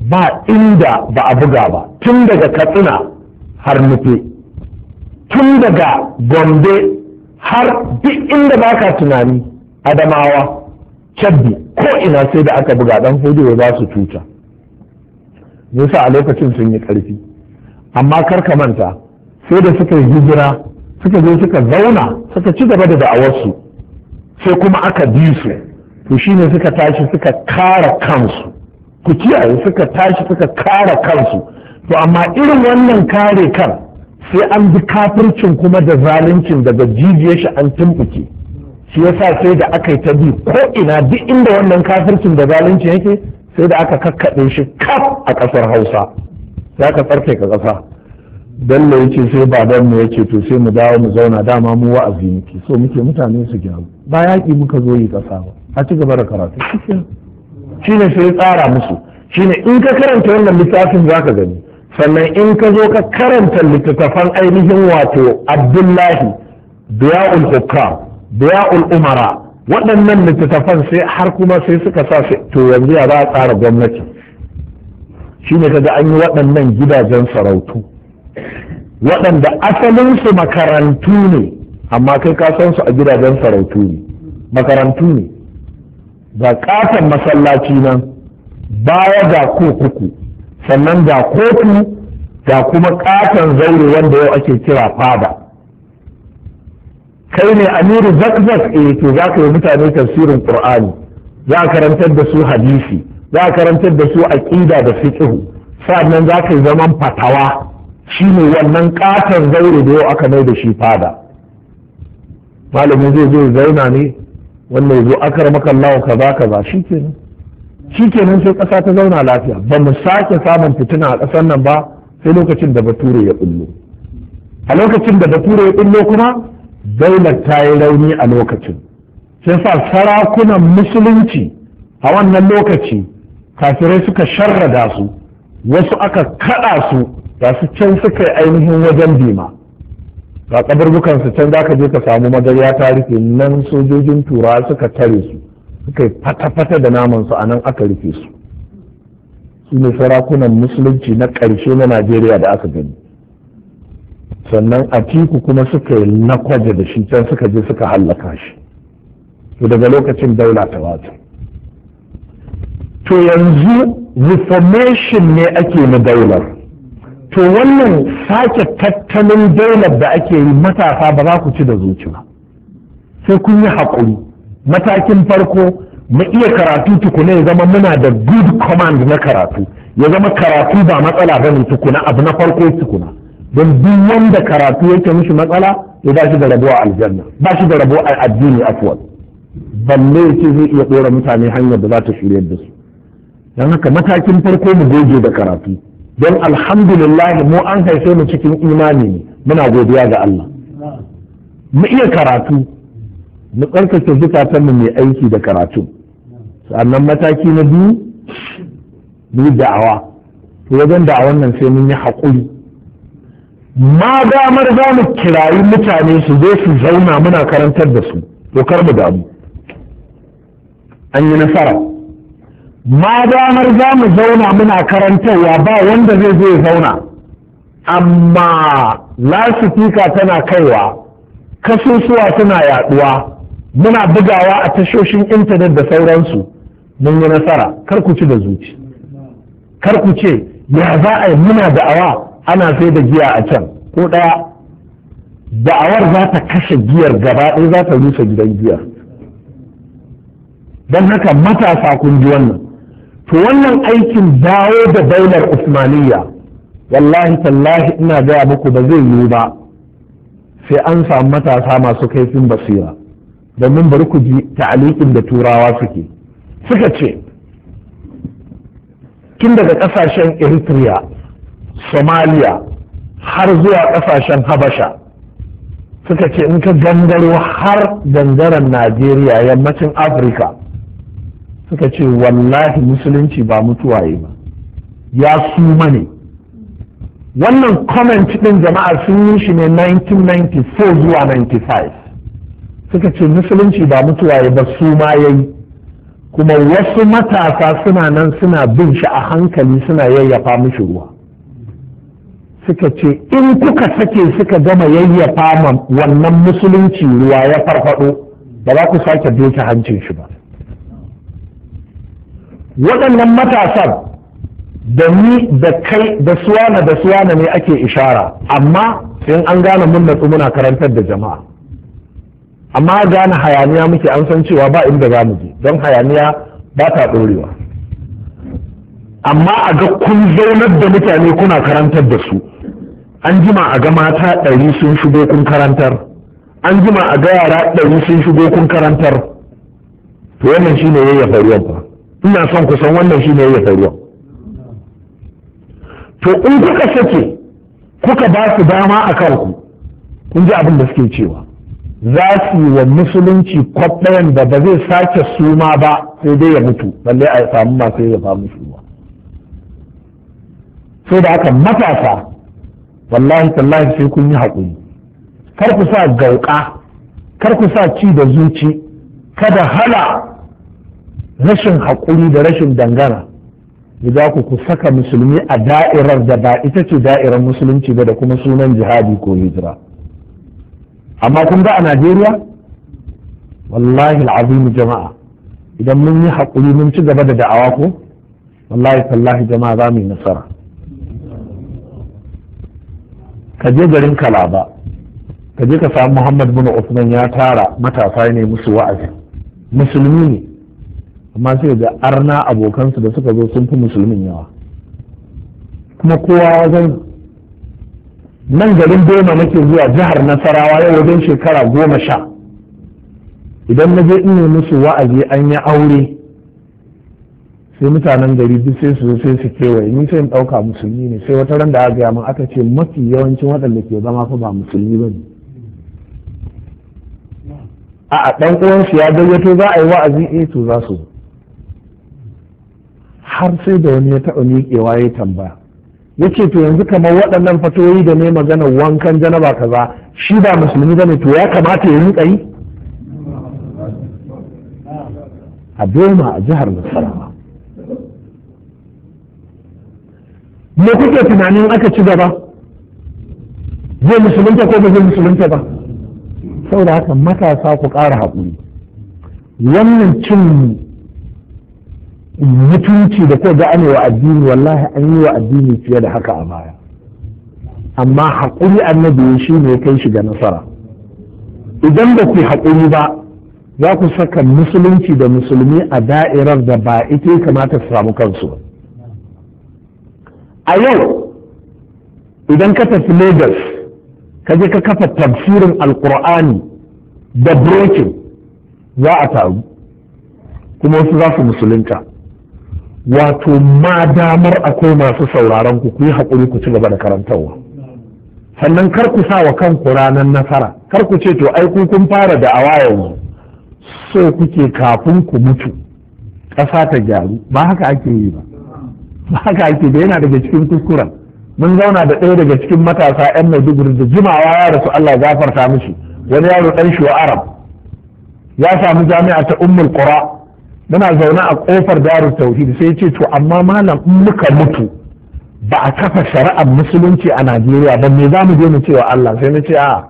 ba inda ba a buga ba tun daga katsina har nufe tun daga gombe har duk inda ba ka tunani adamawa cabbi ko ina sai da aka buga dan ya za su cuta nisa a lokacin sun yi ƙarfi amma kar ka manta sai da suka yi hijira suka zo suka zauna suka ci gaba da da'awarsu sai kuma aka bi su to shine suka tashi suka kara kansu ku kiyaye suka tashi suka kara kansu to amma irin wannan kare kan sai an bi kafircin kuma da zaluncin daga jijiyar shi an tumbuke shi yasa sai da aka yi ta bi ko ina duk inda wannan kafircin da zaluncin yake sai da aka kakkaɗe shi kaf a ƙasar hausa za ka tsarke ka ƙasa don da yake sai dan mu yake to sai mu dawo mu zauna dama mu wa'azi muke so muke mutane su gyaru ba yaƙi muka zo yi ƙasa ba a ci gaba da karatu shine sai tsara musu shine in ka karanta wannan littafin zaka gani sannan in ka zo ka karanta littattafan ainihin wato abdullahi biya'ul hukam biya'ul umara waɗannan littattafan sai har kuma sai suka sa to yanzu ya za a tsara gwamnati shi ne kaga an yi waɗannan gidajen sarautu waɗanda asalinsu makarantu ne amma kai ka san su a gidajen sarautu ne makarantu ne ga ƙaton masallaci nan baya ga kurkuku sannan ga kotu ga kuma katon zaure wanda yau ake kira fada kai ne amiru zakzak eh to za ka yi mutane tafsirin qur'ani za ka karantar da su hadisi za ka karantar da su aqida da fiqh sannan za ka yi zaman fatawa shine wannan katon zaure da yau aka mai da shi fada malamin zai zo zauna ne wannan yazo akar maka Allah kaza kaza shikenan shi kenan sai ƙasa ta zauna lafiya ba mu sake samun fitina a ƙasar nan ba sai lokacin da bature ya bullo a lokacin da bature ya bullo kuma daular ta yi rauni a lokacin sai sa sarakunan musulunci a wannan lokaci kafirai suka sharrada su wasu aka kaɗa su ga su can suka yi ainihin wajen bima ga kaburbukansu can za ka je ka samu madarya ta rufe nan sojojin turawa suka tare su suka yi fata-fata da namansu a nan aka rufe su su ne sarakunan musulunci na ƙarshe na najeriya da aka gani sannan a tiku kuma suka yi nakwaje da shi can suka je suka hallaka shi to daga lokacin daula ta wata to yanzu reformation ne ake na daular to wannan sake tattalin daular da ake yi matasa ba za ku ci da zuci ba sai kun yi haƙuri matakin farko mu iya karatu tukuna ya zama muna da good command na karatu ya zama karatu ba matsala ba ne tukuna abu na farko tukuna don duk wanda karatu yake mishi matsala ya ba shi da rabuwa a aljanna ba shi da rabuwa a addini afwan balle yake zai iya dora mutane hanyar da za ta shirya da su don haka matakin farko mu goge da karatu don alhamdulillah mu an haife mu cikin imani ne muna godiya ga Allah mu iya karatu mu tsarkake zukatanmu mai aiki da karatu sannan mataki na biyu mu da'awa to wajen da'awan nan sai mun yi haƙuri ma damar za mu kirayi mutane su zo su zauna muna karantar da su to kar mu damu an yi nasara ma damar za mu zauna muna karantarwa ba wanda zai zo ya zauna amma lasifika tana kaiwa kasusuwa suna yaduwa muna bugawa a tashoshin intanet da sauransu mun yi nasara kar ku ci da zuci kar ku ce ya za a yi muna da'awa ana sai da giya a can ko ɗaya da'awar za ta kashe giyar gaba ɗaya za ta rusa gidan giya don haka matasa kun ji wannan to wannan aikin dawo da daular usmaniyya wallahi tallahi ina gaya muku ba zai yiwu ba sai an samu matasa masu kaifin basira domin bari ku ji ta'alikin da turawa suke suka ce tun daga kasashen eritrea somaliya har zuwa kasashen habasha suka ce in ka gangaro har gangaren najeriya yammacin afirka suka ce wallahi musulunci ba mutuwaye ba ya suma ne wannan comment ɗin jama'a sun yi shi ne 1994 zuwa 95 suka ce musulunci ba mutuwa ya ba su ma yayi kuma wasu matasa suna nan suna bin shi a hankali suna yayyafa mishi ruwa suka ce in kuka sake suka gama yayyafa ma wannan musulunci ruwa ya farfado ba za ku sake doke hancin shi ba waɗannan matasan da ni da kai da suwana da suwana ne ake ishara amma in an gane mun natsu muna karantar da jama'a amma gane hayaniya muke an san cewa ba inda za mu je don hayaniya ba ta ɗorewa amma a ga kun zaunar da mutane kuna karantar da su an jima a ga mata ɗari sun shigo kun karantar an jima a ga yara ɗari sun shigo kun karantar to wannan shine yayyafa ruwan fa ina son ku san wannan shine yayyafa ruwan to in kuka sake kuka ba su dama a kanku kun ji abin da suke cewa za su yi wa musulunci kwaɗayan da ba zai sake suma ba sai dai ya mutu balle a samu masu ya samu suma sai da haka matasa wallahi tallahi sai kun yi haƙuri kar ku sa gauka kar ku sa ci da zuci kada hala rashin haƙuri da rashin dangana za ku ku saka musulmi a da'irar da ba ita ce da'irar musulunci ba da kuma sunan jihadi ko hijira. amma kun ga a najeriya wallahi al'azimu jama'a idan mun yi haƙuri mun ci gaba da da'awa ko wallahi tallahi jama'a za mu yi nasara ka je garin kalaba ka je ka samu muhammad bin usman ya tara matasa ne musu wa'azi musulmi ne amma sai ga arna abokansu da suka zo sun fi musulmin yawa kuma kowa wajen nan garin goma nake zuwa jihar nasarawa yau wajen shekara goma sha idan na je ina musu wa'azi an yi aure sai mutanen gari duk sai su sai su kewaye ni sai in ɗauka musulmi ne sai wata ran da aka gaya min aka ce mafi yawancin waɗanda ke zama fa ba musulmi ba ne a ɗan uwansu ya gayyato za a yi wa'azi e to za su har sai da wani ya taɓa miƙewa ya tambaya yace to yanzu kamar waɗannan fatoyi da ne magana wankan janaba kaza shi ba musulmi bane to ya kamata ya rinka yi a Boma a jihar Nasarawa me kuke tunanin aka ci gaba zai musulunta ko ba zai musulunta ba saboda haka matasa ku ƙara haƙuri wannan cin mutunci da ko ga ane wa addini wallahi an yi wa addini fiye da haka a baya amma haƙuri annabi shi ne kai shi ga nasara idan ba ku haƙuri ba za ku saka musulunci da musulmi a da'irar da ba ita kamata su samu kansu a yau idan ka tafi lagos ka je ka kafa tafsirin alkur'ani da brokin za a taru kuma wasu za su musulunta wato ma damar akwai masu sauraron ku ku yi haƙuri ku ci gaba da karantarwa sannan kar ku sa wa kanku ranar nasara kar ku ce to ai ku kun fara da yanzu so kuke kafin ku mutu ƙasa ta gyaru ba haka ake yi ba ba haka ake da yana daga cikin kuskuren mun zauna da ɗaya daga cikin matasa 'yan maiduguri da jimawa ya rasu Allah gafarta mishi wani yaro ɗan shu'arab ya samu jami'a ta ummul qura muna zaune a kofar darus tauhid sai ya ce to amma malam in muka mutu ba a kafa shari'ar musulunci a najeriya ba me za mu je mu cewa allah sai na ce a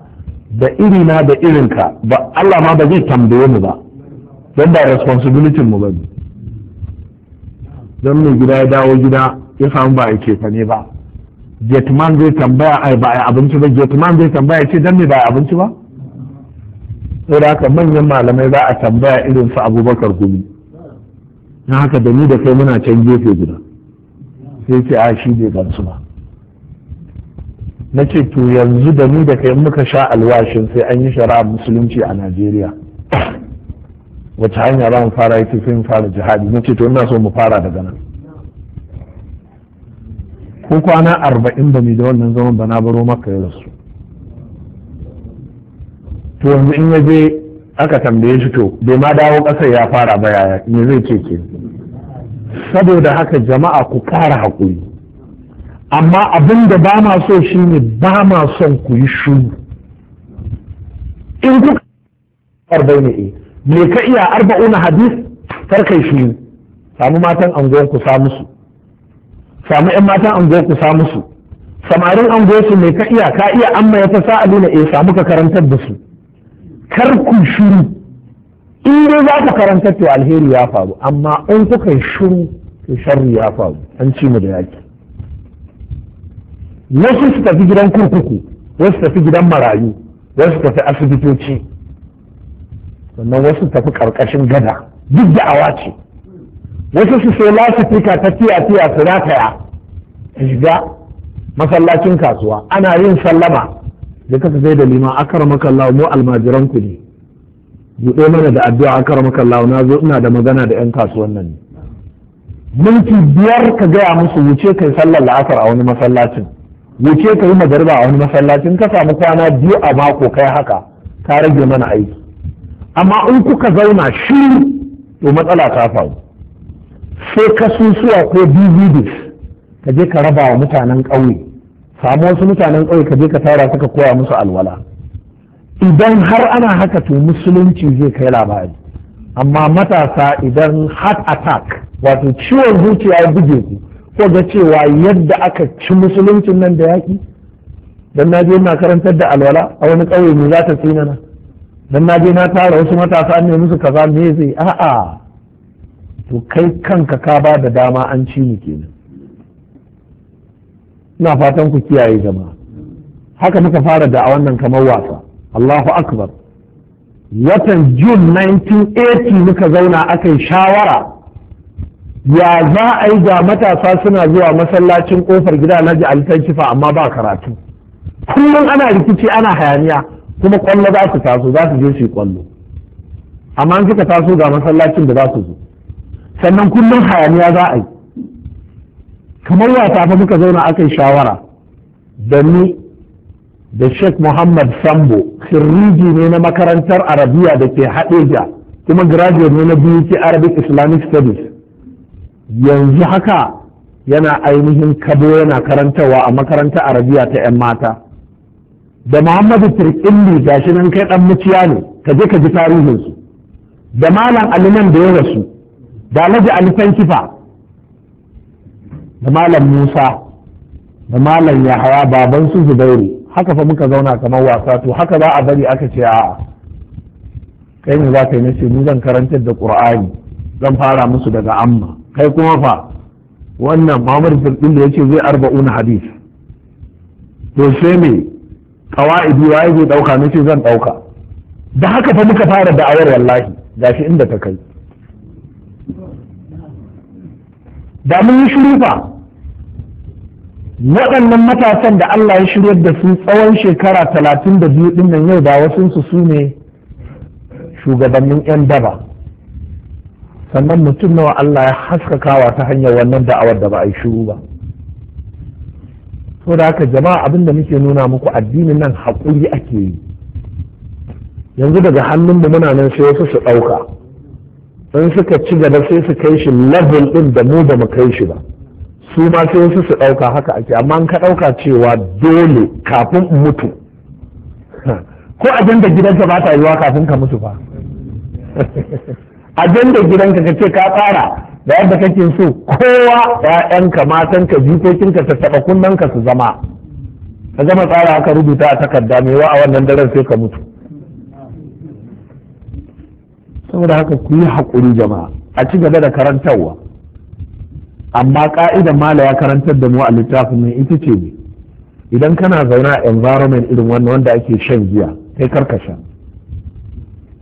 da iri na da irinka ba allah ma ba zai tambaye mu ba don ba responsibility mu ba ne don mai gida ya dawo gida ya samu ba a kefa ne ba jetman zai tambaya ai ba a abinci ba jetman zai tambaya ce don me ba a abinci ba sai da haka manyan malamai za a tambaya irin su abubakar gumi na haka da ni da kai muna can gefe guda sai ce a shi bai gansu ba na ce to yanzu da ni da kai muka sha alwashin sai an yi shari'a musulunci a najeriya wacce hanya ba mu fara yi sai mu fara jihadi na ce to ina so mu fara daga nan ko kwana arba'in ba mu da wannan zaman ba na baro maka ya rasu to yanzu in ya je aka tambaye shi to bai ma dawo ƙasar ya fara ba yaya me zai ce ke saboda haka jama'a ku ƙara haƙuri amma abin da ba ma so shi ne ba ma son ku yi shuru in ku ne e me ka iya na hadis kar shi ne? samu matan angon ku samu su samu yan matan angon ku samu su samarin angon su me ka iya ka iya amma ya ta na e samu ka karantar da su kar ku shiru in dai za ku karanta to alheri ya faru amma in kuka yi shiru to sharri ya faru an ci mu da yaki wasu su tafi gidan kurkuku wasu tafi gidan marayu wasu tafi asibitoci sannan wasu tafi karkashin gada duk da awa ce wasu su sai fika ta tiya tiya su rataya shiga masallacin kasuwa ana yin sallama da ka sai da lima akramaka Allah mu almajiran ku ne buɗe mana da addu'a akramaka Allah na zo ina da magana da yan kasuwan nan minti biyar ka gaya musu wuce kai sallar la'asar a wani masallacin wuce ka yi magariba a wani masallacin ka samu kwana biyu a mako kai haka ka rage mana aiki amma in kuka zauna shi to matsala ta faru sai ka susuwa ko dvds ka je ka raba wa mutanen ƙauye samu wasu mutanen ƙauye ka je ka tara suka koya musu alwala idan har ana haka to musulunci zai kai labari amma matasa idan heart attack wato ciwon zuciya ya buge ku ko ga cewa yadda aka ci musuluncin nan da yaƙi dan na je na karantar da alwala a wani ƙauye ne za ta tsina na? dan na je na tara wasu matasa ne musu kaza me zai a'a to kai kanka ka ba da dama an ci ni kenan ina fatan ku kiyaye zama haka muka fara da wannan kamar wasa Allahu akbar watan June 1980 muka zauna aka shawara ya za a yi ga matasa suna zuwa masallacin kofar gida na ji alitan kifa amma ba karatu kullum ana rikici ana hayaniya kuma kwallo za su taso za su je su yi kwallo amma an suka taso ga masallacin da za su zo sannan kullum hayaniya za a yi kamar ya fa muka zauna aka yi shawara da ni da sheikh muhammad sambo khiriji ne na makarantar arabiya da ke hadeja kuma graduate ne na BUK arabic islamic studies yanzu haka yana ainihin kabo yana karantarwa a makarantar arabiya ta 'yan mata da muhammadu turkilli gashi nan kai dan muciya ne ka je ka ji tarihinsu da malam aliman da ya rasu da alhaji alifan kifa da malam musa da malam yahaya baban su zubairu haka fa muka zauna kamar wasa to haka za a bari aka ce a kai ne za ka yi nace ni zan karantar da qur'ani zan fara musu daga amma kai kuma fa wannan mamar firdin da yace zai arba'una hadith to sai me qawaidi wai zai dauka nace zan dauka da haka fa muka fara da'awar wallahi gashi inda ta kai da mun yi shiru fa waɗannan matasan da Allah ya shiryar da su tsawon shekara talatin da biyu ɗin nan yau ba wasu su ne shugabannin 'yan daba sannan mutum nawa Allah ya haskakawa ta hanyar wannan da'awar da ba a yi shiru ba so da haka jama'a abin da muke nuna muku addinin nan haƙuri ake yi yanzu daga hannun mu muna nan sai wasu su ɗauka in suka ci gaba sai su kai shi level ɗin da mu ba mu kai shi ba su ma sai wasu su ɗauka haka ake amma ka ɗauka cewa dole kafin in mutu ko ajanda gidansa ba ta yiwa kafin ka mutu ba ajanda gidanka ka ce ka tsara da yadda kake so kowa ‘ya'yanka matanka jikokinka ta taɓa kunnanka su zama ka zama tsara haka rubuta a takarda mai wa a wannan daren sai ka mutu saboda haka ku yi haƙuri jama'a a ci gaba da karantarwa amma ka'idan mala ya karantar da mu a littafin nan ita ce ne idan kana zaune a environment irin wannan wanda ake shan giya kai sha.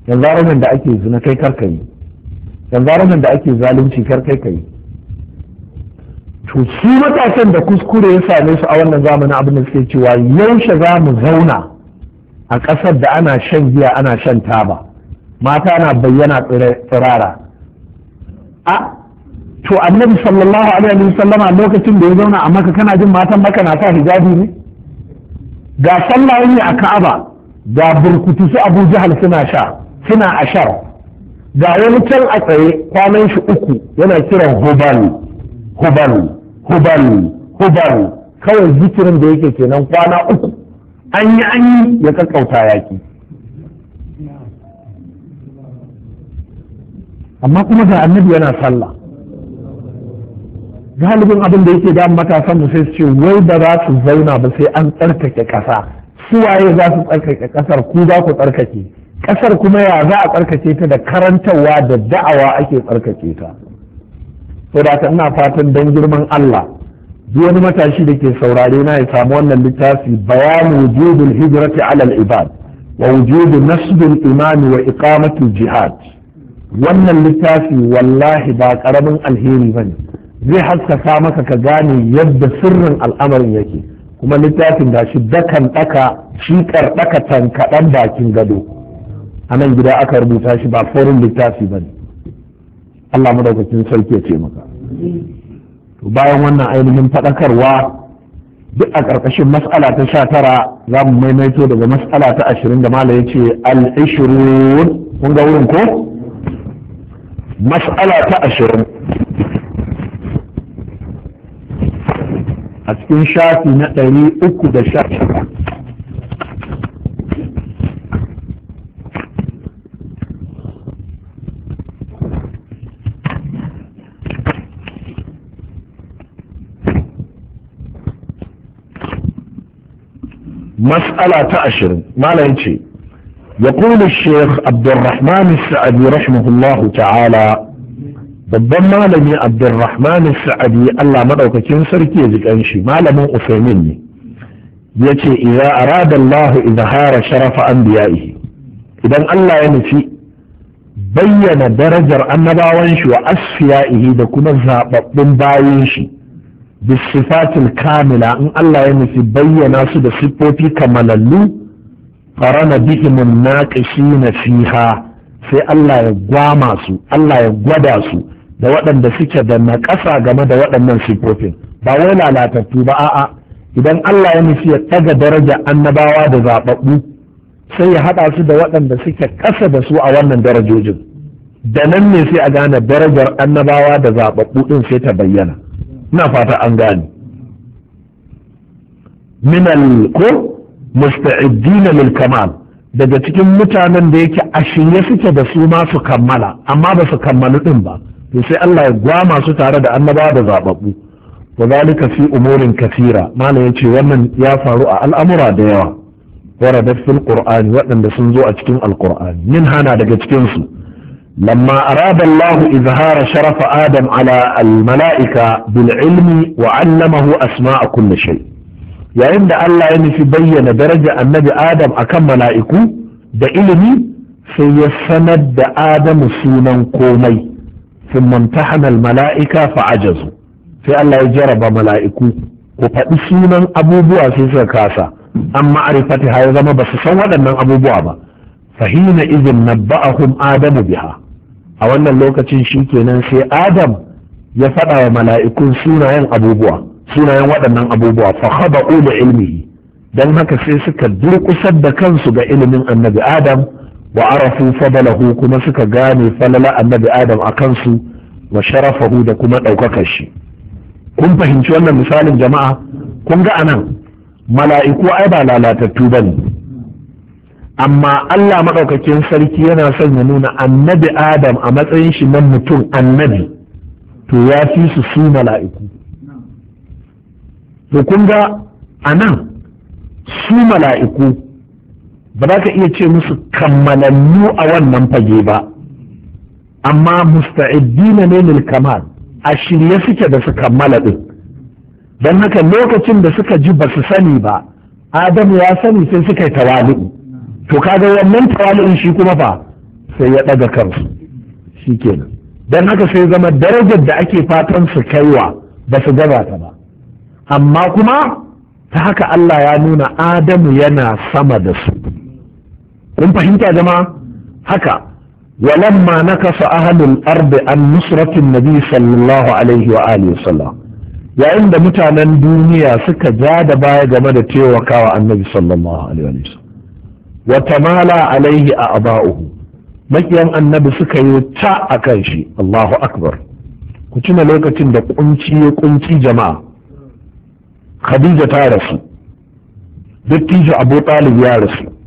environment da ake zina kai yi. environment da ake zalunci kar kai kai to su matasan da kuskure ya same su a wannan zamanin abin da suke cewa yaushe za mu zauna a ƙasar da ana shan giya ana shan taba mata na bayyana tsirara a to annabi sallallahu alaihi wa sallama lokacin da ya zauna a maka kana jin matan maka na sa hijabi ne ga sallah yi a ka'aba ga burkutu su abu jahal suna sha suna ashar ga wani can a tsaye kwanan shi uku yana kiran hubal hubal hubal hubal kawai zikirin da yake kenan kwana uku an yi an yi ya kakkauta yaki amma kuma ga annabi yana sallah galibin abin da yake damu matasan mu sai su ce wai ba za su zauna ba sai an tsarkake ƙasa suwaye za su tsarkake ƙasar ku za ku tsarkake ƙasar kuma ya za a tsarkake ta da karantarwa da da'awa ake tsarkake ta saboda ina fatan don girman Allah duk wani matashi da ke saurare na ya samu wannan littafi bayanu wujudul hijrati alal ibad wa wujudu nasbil imani wa iqamatul jihad wannan littafi wallahi ba karamin alheri bane zai haskaka maka ka gane yadda sirrin al'amarin yake kuma littafin da shi dakan daka shikar daka tankaɗan bakin gado a nan gida aka rubuta shi ba forin littafi ba ne Allah madaukakin sarki ya ce maka bayan wannan ainihin faɗakarwa duk a ƙarƙashin mas'ala ta sha tara za mu maimaito daga mas'ala ta ashirin da mala ya ce al-ishirun kun ga wurin ko mas'ala ta ashirin cikin shafi na ɗari uku da sha shida مسألة عشر ما لا يقول الشيخ عبد الرحمن السعدي رحمه الله تعالى babban malami abdulrahman sa'adi allah maɗaukakin sarki ya shi malamin usaimin ne ya ce idza arada allah izhara sharafa anbiya'ihi idan allah ya nufi bayyana darajar annabawan shi wa asfiya'ihi da kuma zababbun bayin shi bisifatil kamila in allah ya nufi bayyana su da siffofi kamalallu qarana bihimun naqishina fiha sai allah ya gwama su allah ya gwada su da waɗanda suke da naƙasa game da waɗannan sifofin ba wai lalatattu ba a'a idan Allah ya nufi ya ɗaga daraja annabawa da zaɓaɓɓu sai ya haɗa su da waɗanda suke ƙasa da su a wannan darajojin da nan ne sai a gane darajar annabawa da zaɓaɓɓu ɗin sai ta bayyana ina fata an gane minal ko musta'iddina lil kamal daga cikin mutanen da yake a shirye suke da su ma su kammala amma ba su kammalu ɗin ba to sai Allah ya gwama su tare da annaba da zababbu wa zalika fi umurin kafira malam yace wannan ya faru a al'amura da yawa waradat fil qur'ani waɗanda sun zo a cikin alqur'ani min hana daga cikin su lamma arada Allah izhara sharafa adam ala al-mala'ika bil ilmi wa 'allamahu asma'a kulli shay yayin da Allah ya nufi bayyana daraja annabi adam akan mala'iku da ilimi sai ya sanar da adamu sunan komai sun mantahana mala'ika fa'ajazu sai Allah ya jaraba mala'iku ku faɗi sunan abubuwa sai suka kasa an ma'arifati ya zama ba su san waɗannan abubuwa ba fahina izin nabba'ahum adamu biha a wannan lokacin shi kenan sai adam ya faɗawa mala'ikun sunayen abubuwa sunayen waɗannan abubuwa fa haba'u da ilimi. dan haka sai suka durƙusar da kansu ga ilimin annabi adam wa arafu fadalahu kuma suka gane falala annabi adam a kansu wa sharafahu da kuma ɗaukakar shi kun fahimci wannan misalin jama'a kun ga anan mala'iku ai ba lalatattu ba ne amma Allah maɗaukakin sarki yana son ya nuna annabi adam a matsayin shi nan mutum annabi to ya fi su su mala'iku to kun ga anan su mala'iku ba za ka iya ce musu kammalannu a wannan fage ba amma musta'iddina ne lil kamal a shirye suke da su kammala din don haka lokacin da suka ji ba su sani ba adamu ya sani sai suka yi tawali'u to kaga wannan tawali'un shi kuma fa sai ya ɗaga kansu shi kenan don haka sai zama darajar da ake fatan su kaiwa ba su gaba ta ba amma kuma ta haka Allah ya nuna adamu yana sama da su kun fahimta jama'a haka walamma nakasa ahalin ardi an nusratin nabi sallallahu alaihi wa alihi wasallam yayin da mutanen duniya suka ja da baya game da taimakawa annabi sallallahu alaihi wa sallam wa tamala alaihi a aba'uhu makiyan annabi suka yi ta a kan shi Allahu akbar ku tuna lokacin da kunci ya kunci jama'a Khadija ta rasu dattijo Abu Talib ya rasu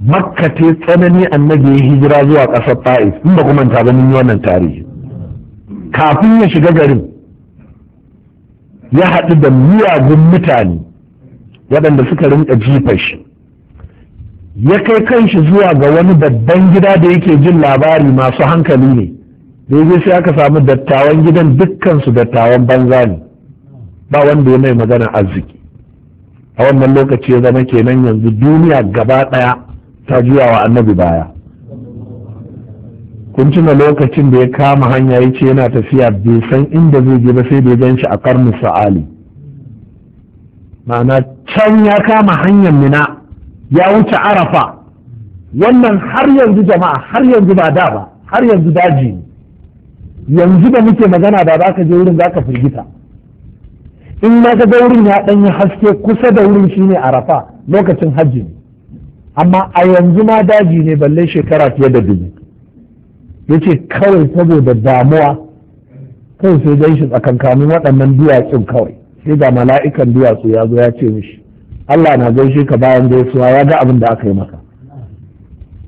makka yi tsanani annabi ya hijira zuwa ƙasar ta'if in ba kuma ta yi wannan tarihi kafin ya shiga garin ya haɗu da miyagun mutane waɗanda suka rinka jifa shi ya kai kan shi zuwa ga wani babban gida da yake jin labari masu hankali ne da ya sai aka samu dattawan gidan dukkansu dattawan banza ne ba wanda ya mai magana arziki a wannan lokaci ya zama kenan yanzu duniya gaba ɗaya ta juya wa annabi baya kun tuna lokacin da ya kama hanya ya ce yana tafiya bai san inda zai je ba sai da ganshi gan shi a karnin sa'ali ma'ana can ya kama hanyar mina ya wuce arafa wannan har yanzu jama'a har yanzu ba da ba har yanzu daji ne yanzu da muke magana da za ka je wurin za ka firgita in ma ka ga wurin ya ɗanyi haske kusa da wurin shine arafa lokacin hajji ne amma a yanzu ma daji ne balle shekara fiye da dubu ya ce kawai saboda damuwa kai sai gan shi tsakankanin waɗannan duwatsun kawai sai ga mala'ikan duwatsu ya zo ya ce mishi Allah na gaishe ka bayan gaisuwa ya ga abin da aka yi maka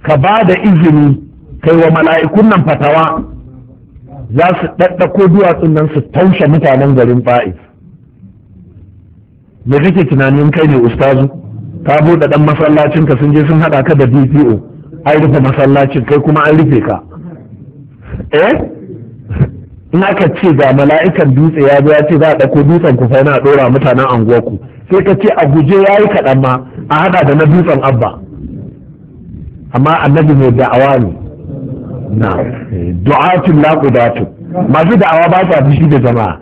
ka ba da izini kai wa mala'ikun nan fatawa za su ɗaɗɗako duwatsun nan su taushe mutanen garin ba'if me kake tunanin kai ne ustazu ka buɗe ɗan masallacin ka sun je sun hada ka da DPO an rufe masallacin kai kuma an rufe ka eh in aka ce ga mala'ikan dutse ya zo ya ce za a ɗauko dutsen ku sai a ɗora mutanen anguwarku sai ka ce a guje ya yi kaɗan ma a haɗa da na dutsen abba amma annabi mai da'awa ne na du'atun laqudatun masu da'awa ba sa fushi da jama'a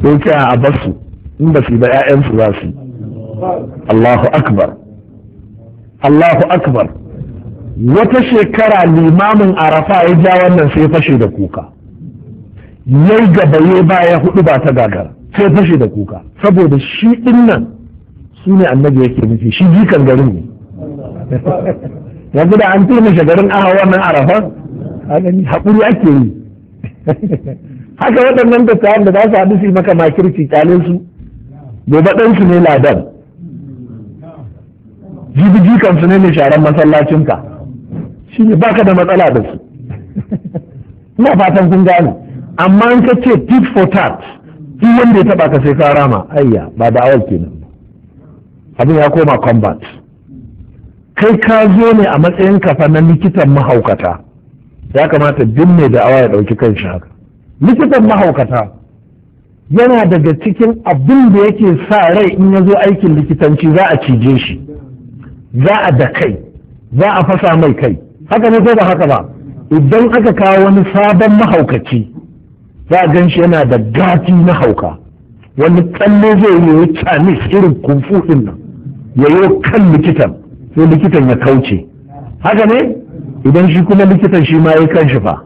sai a basu in ba su ba 'ya'yansu za su Allahu akbar wata shekara limamin arafa ya ja wannan sai fashe da kuka yai gabaye baya hudu ba ta gagara sai fashe da kuka saboda shi din su ne annabi yake nufi shi jikan garin ne yanzu da an tuna garin aha wannan arafa haƙuri ake yi haka waɗannan dattawan da za su haɗu su yi maka makirci kyalin su gobe ɗansu ne ladan jibi jikan su ne mai sharan masallacinka shi ne baka da matsala da su ina fatan kun gane amma in ka ce tit for tat duk wanda ya taba ka sai ka rama ayya ba da awal kenan abin ya koma combat kai ka zo ne a matsayin kafa na likitan mahaukata ya kamata duk mai da awa ya dauki kan shi haka likitan mahaukata yana daga cikin abin da yake sa rai in ya zo aikin likitanci za a cije shi za a da kai za a fasa mai kai haka ne ko ba haka ba idan aka kawo wani sabon mahaukaci za a gan shi yana da gati na hauka wani tsalle zai yi canis irin kunfu din nan ya yi kan likitan sai likitan ya kauce haka ne idan shi kuma likitan shi ma ya kan shi fa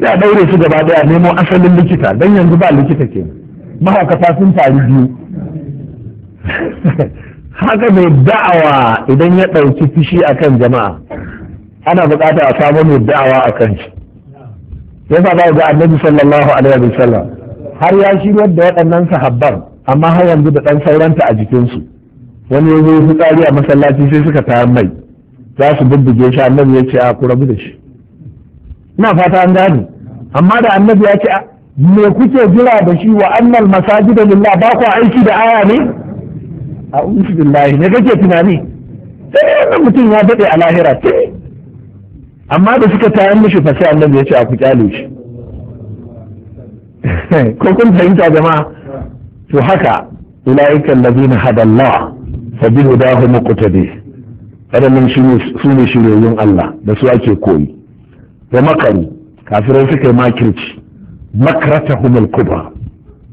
sai a daure su gaba ɗaya nemo asalin likita dan yanzu ba likita ke mahaukata sun faru biyu haka mai da'awa idan ya ɗauki fushi kan jama'a ana buƙata a samu mai da'awa a kan shi yasa ba ga annabi sallallahu alaihi wa sallam har ya shiryar da waɗannan sahabban amma har yanzu da ɗan sauranta a jikinsu wani ya zo fitsari a masallaci sai suka tayar mai za su bubbuge shi annabi ya ce a ku rabu da shi ina fata an gane amma da annabi ya ce me kuke jira da shi wa annal masajidu lillah ba ku aiki da aya ne a unsu billahi ne tunani sai wannan mutum ya daɗe a lahira ce amma da suka tayan mishi fa annabi ya ce a ku shi ko kun fahimta jama'a to haka ulaika allazina hadallah fa bi hudahu muqtadi wadannan su ne shiryoyin Allah da su ake koyi wa makaru kafirai suka yi makirci makratahum humul kubra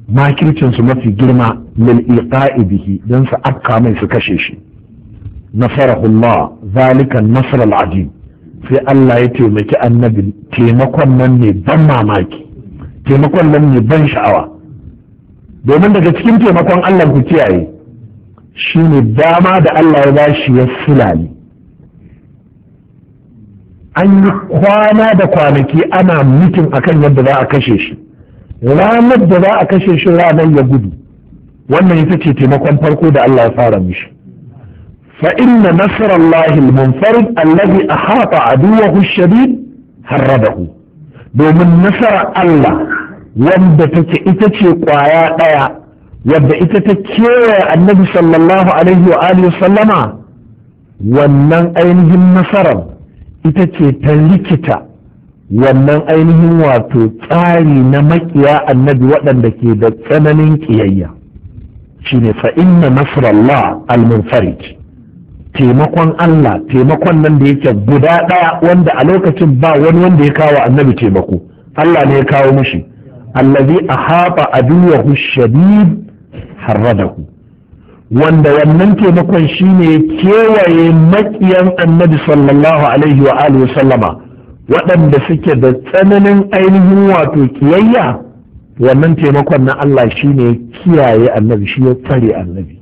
makircin su mafi girma lil iqa'i bihi dan su akka mai su kashe shi nasarahullah zalika nasr al ajib sai Allah ya taimaki annabi taimakon nan ne ban mamaki taimakon nan ne ban sha'awa domin daga cikin taimakon Allah ku kiyaye shi ne dama da Allah ya bashi ya sulali an yi kwana da kwanaki ana mutum akan yadda za a kashe shi ranar da za a kashe shi ranar ya gudu wannan ita ce taimakon farko da Allah ya fara mishi Fa'inna inna nasrallahi al-munfarid a haɓa aduwahu ash-shadid harradahu domin nasarar Allah wanda take ita ce kwaya ɗaya, wadda ita ta kewaye annabi sallallahu alaihi wa alihi sallama wannan ainihin nasarar ita ce ta likita wannan ainihin wato tsari na makiya annabi waɗanda ke da tsananin ƙiyayya shine fa inna nasrallah al-munfarij taimakon Allah taimakon nan da yake guda ɗaya wanda a lokacin ba wani wanda ya kawo annabi taimako Allah ne ya kawo mushi allazi ahaba aduwahu shadid harradahu wanda wannan taimakon shine kewaye makiyan annabi sallallahu alaihi wa alihi sallama waɗanda suke da tsananin ainihin wato kiyayya wannan taimakon na Allah shi ne kiyaye annabi shi ya tsare annabi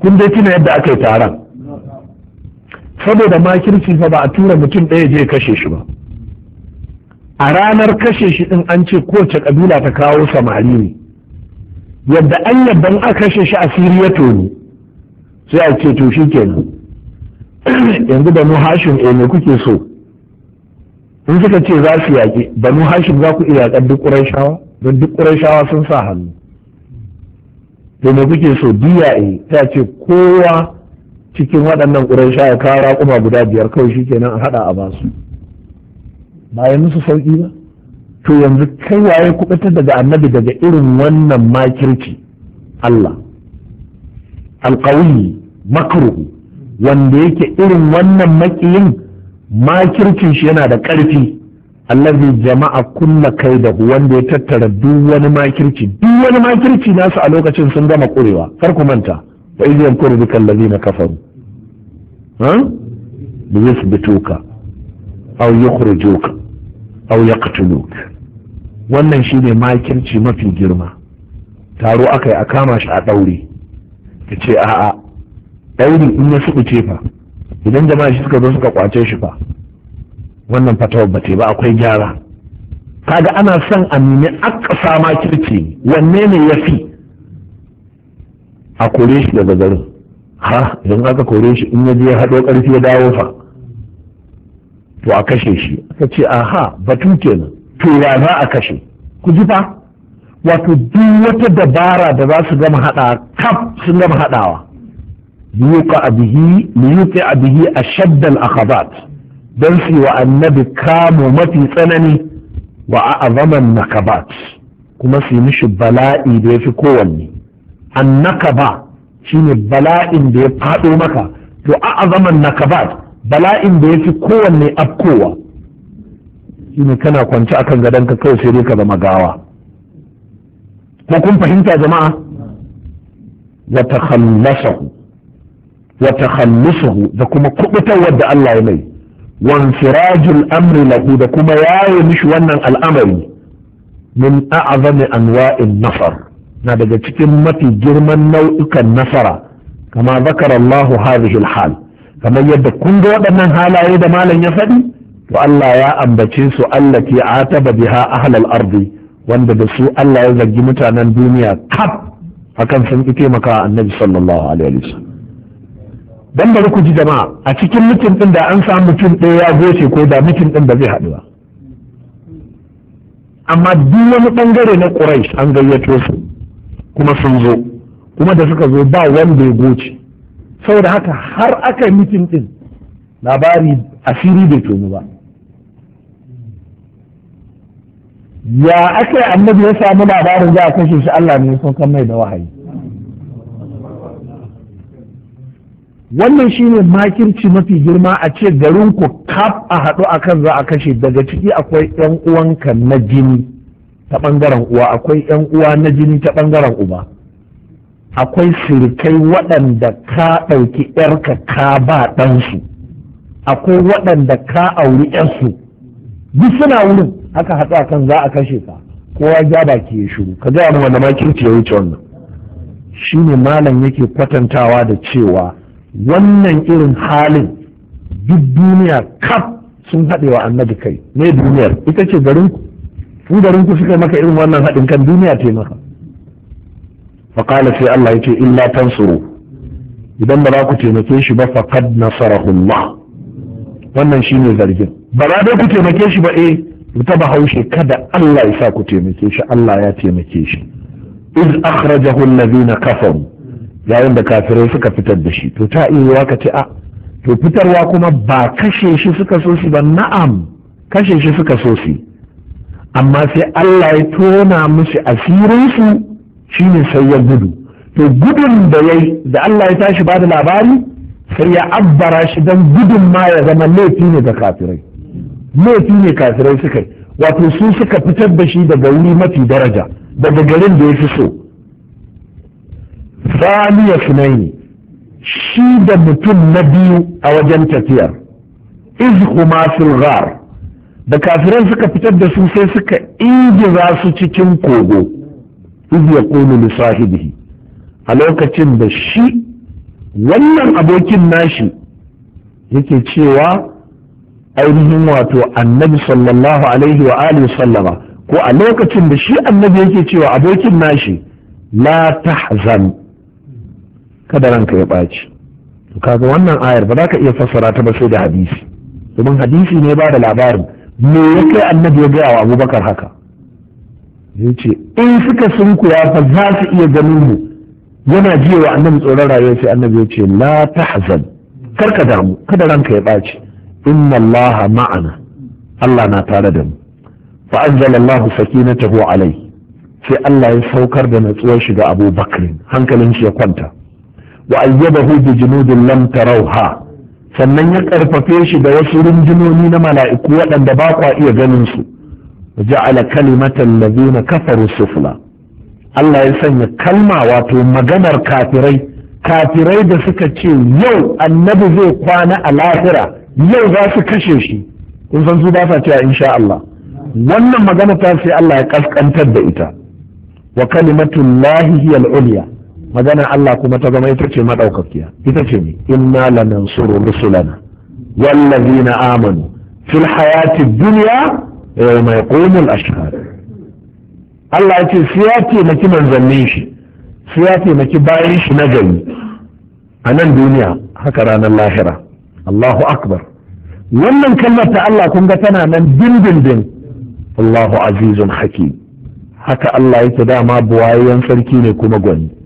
kun dai tuna yadda aka yi taron saboda makirci fa ba a tura mutum ɗaya je kashe shi ba a ranar kashe shi ɗin an ce kowace ƙabila ta kawo samari ne yadda an yadda a kashe shi a siriya toni sai a ce to shi kenan yanzu banu hashim eh me kuke so in suka ce za su yaƙi banu hashim za ku iya yaƙar duk don duk ƙurayshawa sun sa hannu to me kuke so diya eh ta ce kowa cikin waɗannan ƙurayshawa kawo raƙuma guda biyar kawai kenan a haɗa a basu ba ya musu sauƙi ba to yanzu kai waye kubutar daga annabi daga irin wannan makirci Allah alƙawi makruhu wanda yake irin wannan makiyin makircin shi yana da ƙarfi allazi jama'a kulla kai da wanda ya tattara duk wani makirci duk wani makirci nasu a lokacin sun gama kurewa kar ku manta wa iz yankuru bikal ladina kafaru ha bi yuthbituka aw yukhrijuka aw yaqtuluk wannan shine makirci mafi girma taro akai a kama shi a daure kace a'a ɗauri in ya ce fa idan jama'a shi suka zo suka kwace shi fa wannan wabba ce ba akwai gyara kaga ana son a nemi aka ma kirki wanne ne ya fi a kore shi daga garin ha idan aka kore shi in ya je haɗo ƙarfi ya dawo fa to a kashe shi aka ce aha batu kenan to ya za a kashe ku ji fa wato duk wata dabara da za su gama haɗawa kaf sun gama haɗawa liyuqa a bihi a shaddan akhabat don fi wa annabi kamu mafi tsanani wa a'zaman nakabat kuma su mishi bala'i da fi kowanne shi ne bala'in da ya maka to a'zaman nakabat bala'in da yafi kowanne afkowa ne kana kwance a gadon ka kawai sai dai ka zama gawa ko kun fahimta jama'a wa takhallasahu Wata takhallusuhu da kuma kubutar da Allah ya mai wa infirajul amri lahu da kuma yaye mishi wannan al'amari min a'zami anwa'in nafar na daga cikin mafi girman nau'ikan nasara kama zakarallahu Allah hadhihi al-hal kamar yadda kunga waɗannan halaye da malam ya faɗi to Allah ya ambace su Allah ke ataba biha ahlal arzi wanda da su Allah ya zargi mutanen duniya kaf hakan sun fi taimaka annabi sallallahu alaihi wasallam dan bari ku ji jama'a a cikin mutum din da an samu mutum ɗaya ya goce ko da mutum din da zai haɗu ba amma duk wani bangare na quraish an gayyato su kuma sun zo kuma da suka zo ba wanda ya goce saboda haka har aka yi mutum din labari asiri bai tomu ba ya aka yi annabi ya samu labarin za a kashe shi Allah ne ya kan mai da wahayi wannan shine makirci mafi girma a ce garin ku kaf a haɗu a kan za a kashe daga ciki akwai yan uwanka na jini ta ɓangaren uwa akwai yan uwa na jini ta ɓangaren uba akwai sirikai waɗanda ka ɗauki ‘yarka ka ba ɗansu akwai waɗanda ka auri ‘yarsu duk suna wurin aka haɗu a kan za a kashe ka kowa ya baki ya shiru ka gaya wanda makirci ya wuce wannan shi ne malam yake kwatantawa da cewa wannan irin halin duk duniya kaf sun haɗe wa annabi kai ne duniyar ita ce garin ku garin ku suka maka irin wannan haɗin kan duniya ce maka faƙala sai Allah ya ce illa tansuru idan ba za ku taimake shi ba faqad nasarahullah wannan shine zargin ba za ku taimake shi ba eh ta bahaushe kada Allah ya sa ku taimake shi Allah ya taimake shi iz akhrajahu alladhina kafaru yayin da kafirai suka fitar da shi to ta iya ka ce a to fitarwa kuma ba kashe shi suka so ba na'am kashe shi suka so su amma sai Allah ya tona musu asirinsu shine sai ya gudu to gudun da yayi da Allah ya tashi ba da labari sai ya abbara shi don gudun ma ya zama laifi ne da kafirai laifi ne kafirai suka wato su suka fitar da shi daga wuri mafi daraja daga garin da ya fi so saniya sunaini shi da mutum na biyu a wajen tafiyar iz huma fil ghar da kafiran suka fitar da su sai suka ingiza su cikin kogo iz yaqulu li sahibihi a lokacin da shi wannan abokin nashi yake cewa ainihin wato annabi sallallahu alaihi wa alihi sallama ko a lokacin da shi annabi yake cewa abokin nashi la tahzan kada ranka ya ɓaci kaga wannan ayar ba za ka iya fassara ta ba sai da hadisi domin hadisi ne ba da labarin me ya kai annabi ya gaya wa abubakar haka zai ce in suka sunkuya fa za su iya ganin mu yana ji wa annabi tsoron rayuwa sai annabi ya ce la tahzan kar ka damu kada ranka ya ɓaci inna allaha ma'ana Allah na tare da mu fa anzalallahu sakinatahu alai sai Allah ya saukar da natsuwar shi ga Abubakar hankalin shi ya kwanta wa ayyabahu bi junudin lam sannan ya karfafe shi da wasu rinjinoni na mala'iku waɗanda ba kwa iya ganin su ja'ala kalimatan ladina kafaru sufla Allah ya sanya kalma wato maganar kafirai kafirai da suka ce yau annabi zai kwana a lahira yau za su kashe shi kun san su ba sa cewa insha Allah wannan magana ta sai Allah ya kaskantar da ita wa kalimatullahi hiya al-ulya magana Allah kuma ta zama ita ce madaukakiya ita ce ne inna suru rusulana wallazina amanu fil hayati dunya mai yaqumul ashhad Allah ya ce su ya taimaki manzannin shi su ya taimaki bayan shi na gari a nan duniya haka ranar lahira Allahu akbar wannan kalmar ta Allah kun ga tana nan dindindin Allahu azizun hakim haka Allah yake dama buwayen sarki ne kuma gwani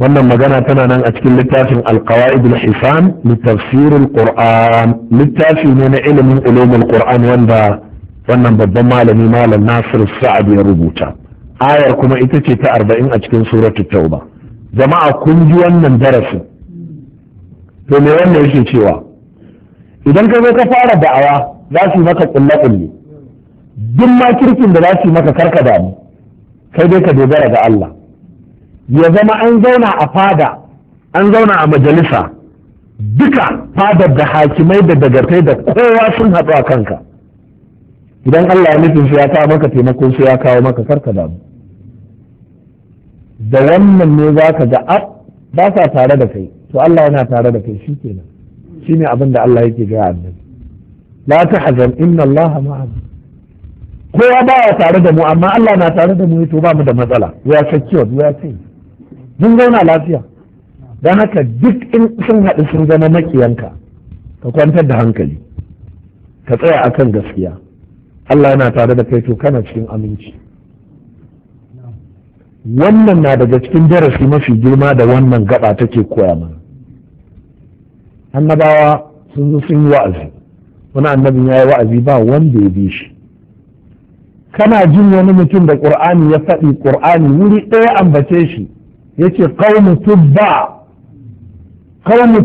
wannan magana tana nan a cikin littafin alqawaid al-hisan li al-qur'an littafi ne na ilimin ulumul qur'an wanda wannan babban malami malam nasir sa'ad ya rubuta ayar kuma ita ce ta arba'in a cikin suratul tauba jama'a kun ji wannan darasin to me wannan yake cewa idan ka zo ka fara da'awa za su maka kulle kulle duk ma kirkin da za su yi maka karka damu kai dai ka dogara ga Allah ya zama an zauna a fada an zauna a majalisa duka fadar da hakimai da dagartai da kowa sun haɗu a kanka idan Allah ya nufin su ya kawo maka taimakon su ya kawo maka karka damu da wannan ne za ka ga ab ba sa tare da kai to Allah yana tare da kai shi kenan shi ne abin da Allah yake gaya annabi la hazan inna Allah ma'ana kowa ba ya tare da mu amma Allah na tare da mu to ba mu da matsala we are secured we are safe mun zauna lafiya don haka duk in sun haɗu sun zama makiyanka ka kwantar da hankali ka tsaya akan gaskiya Allah yana tare da kai to kana cikin aminci wannan na daga cikin darasi mafi girma da wannan gaba take koya mana annabawa sun zo sun yi wa'azi wani annabin ya yi wa'azi ba wanda ya bi shi kana jin wani mutum da ƙur'ani ya faɗi ƙur'ani wuri ɗaya ambace shi yace qaumu tubba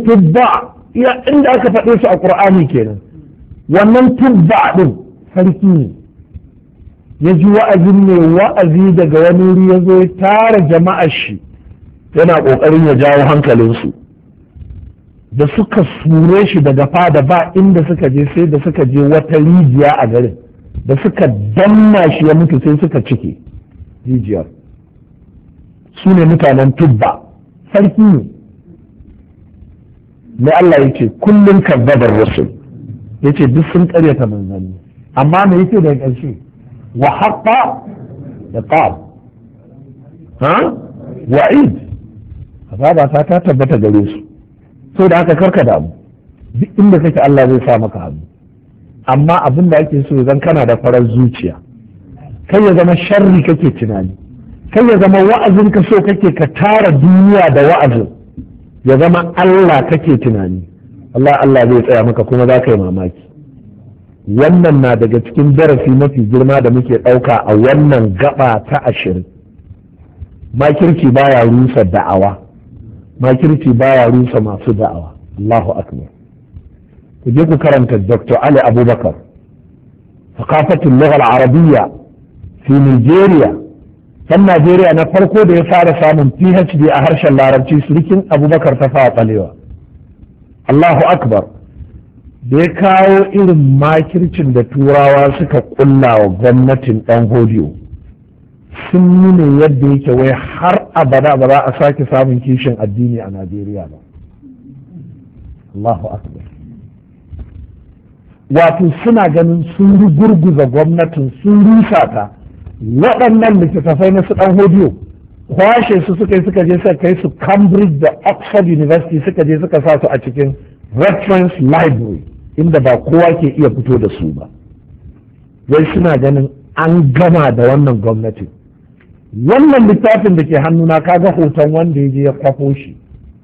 tubba ya inda aka faɗe shi a ƙur'ani kenan wannan tubba din sarki ne ya ji wa'azin ne wa'azi daga wani wuri ya zo ya tara jama'ar shi yana ƙoƙarin ya jawo hankalinsu da suka sure shi daga fada ba inda suka je sai da suka je wata rijiya a garin da suka danna shi ya mutu sai suka cike rijiyar su ne mutanen tubba sarki ne mai Allah ya ce kullum kazzabar rasul ya ce duk sun karyata manzanni amma me yake daga ƙarshe wa haqqa da qab ha wa'id azaba ta ta tabbata gare su so da haka karka damu duk inda kake Allah zai sa maka hannu amma abin da ake so zan kana da farar zuciya kai ya zama sharri kake tunani kai ya zama wa'azin ka so kake ka tara duniya da wa'azin ya zama Allah kake tunani Allah Allah zai tsaya maka kuma za ka yi mamaki wannan na daga cikin darasi mafi girma da muke ɗauka a wannan gaba ta ashirin makirci baya rusa da'awa makirci baya rusa masu da'awa Allahu akbar ku je ku karanta Dr. Ali Abubakar ثقافة اللغة العربية في Nijeriya. dan Najeriya na farko da ya fara samun PhD a harshen larabci surikin Abubakar ta fara balewa Allahu akbar da ya kawo irin makircin da turawa suka kulla wa gwamnatin dan hodiyo sun nuna yadda yake wai har abada ba za a sake samun kishin addini a Najeriya ba Allahu akbar wato suna ganin sun gurguza gwamnatin sun rusa ta waɗannan littattafai na su ɗan hodiyo kwashe su suka yi suka je suka kai su cambridge da oxford university suka je suka sa su a cikin reference library inda ba kowa ke iya fito da su ba wai suna ganin an gama da wannan gwamnati wannan littafin da ke hannuna kaga hoton wanda ya je ya kwafo shi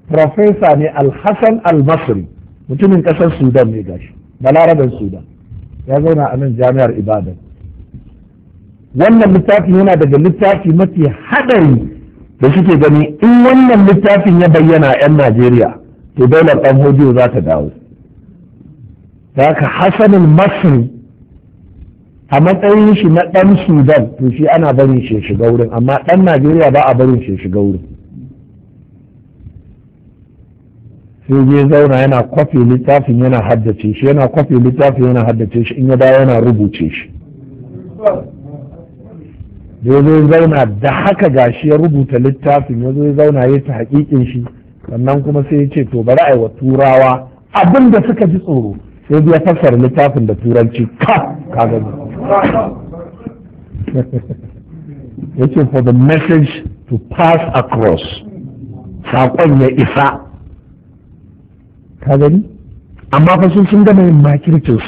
profesa ne alhassan almasri mutumin ƙasar sudan ne gashi balarabin sudan ya zauna a nan jami'ar ibadan wannan littafin yana daga littafi mafi haɗari da suke gani in wannan littafin ya bayyana a 'yan najeriya to daular ɗan hodiyo za ta dawo da haka hasanin masri a matsayin shi na ɗan sudan to shi ana barin shi shiga wurin amma ɗan najeriya ba a barin shi shiga wurin sai je zauna yana kwafi littafin yana haddace shi yana kwafi littafin yana haddace shi in ya dawo yana rubuce shi da ya zauna da haka gashi ya rubuta littafin ya zo ya zauna ya ta hakikin shi sannan kuma sai ya ce to bari a yi wa turawa abin da suka ji tsoro sai ya fassara littafin da turanci ka ka gani ya ce for the message to pass across saƙon ya isa ka gani amma fa sun gama yin makircin su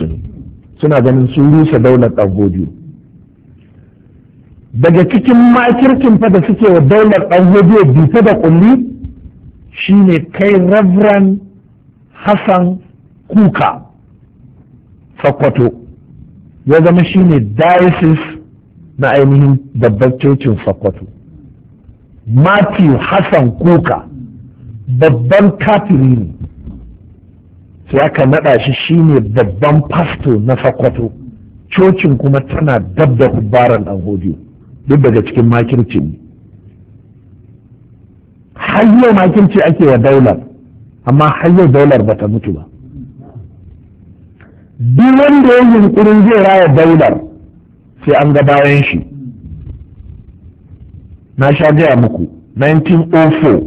suna ganin sun rusa daular ɗan daga cikin makirkin fa da suke wa daular ɗan ya bisa da kulli shine kai Reverend Hassan Kuka Sokoto ya zama shine diocese na ainihin babbar cocin Sokoto Matthew Hassan Kuka babban kafiri ne sai aka naɗa shi shine babban fasto na Sokoto cocin kuma tana dab da kubbaran ɗan hodiyo duk daga cikin makirci ne har yau makirci ake wa daular amma har yau daular ba ta mutu ba duk wanda ya yunkurin zai raya daular sai an ga bayan shi na sha gaya muku 1904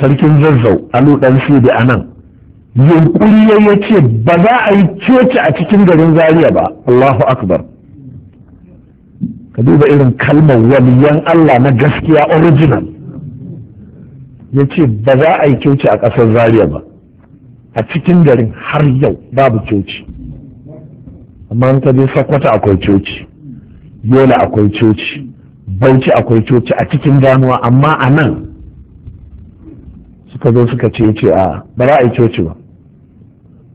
sarkin zazzau alu dan sidi a nan yunkuri ya ce ba za a yi coci a cikin garin zaria ba allahu akbar ka duba irin kalmar waliyan Allah na gaskiya original ya ce ba za a yi coci a ƙasar Zariya ba a cikin garin har yau babu coci amma ka je sakwata akwai coci yola akwai coci bauchi akwai coci a cikin damuwa amma a nan suka zo suka ce ce a ba za a yi coci ba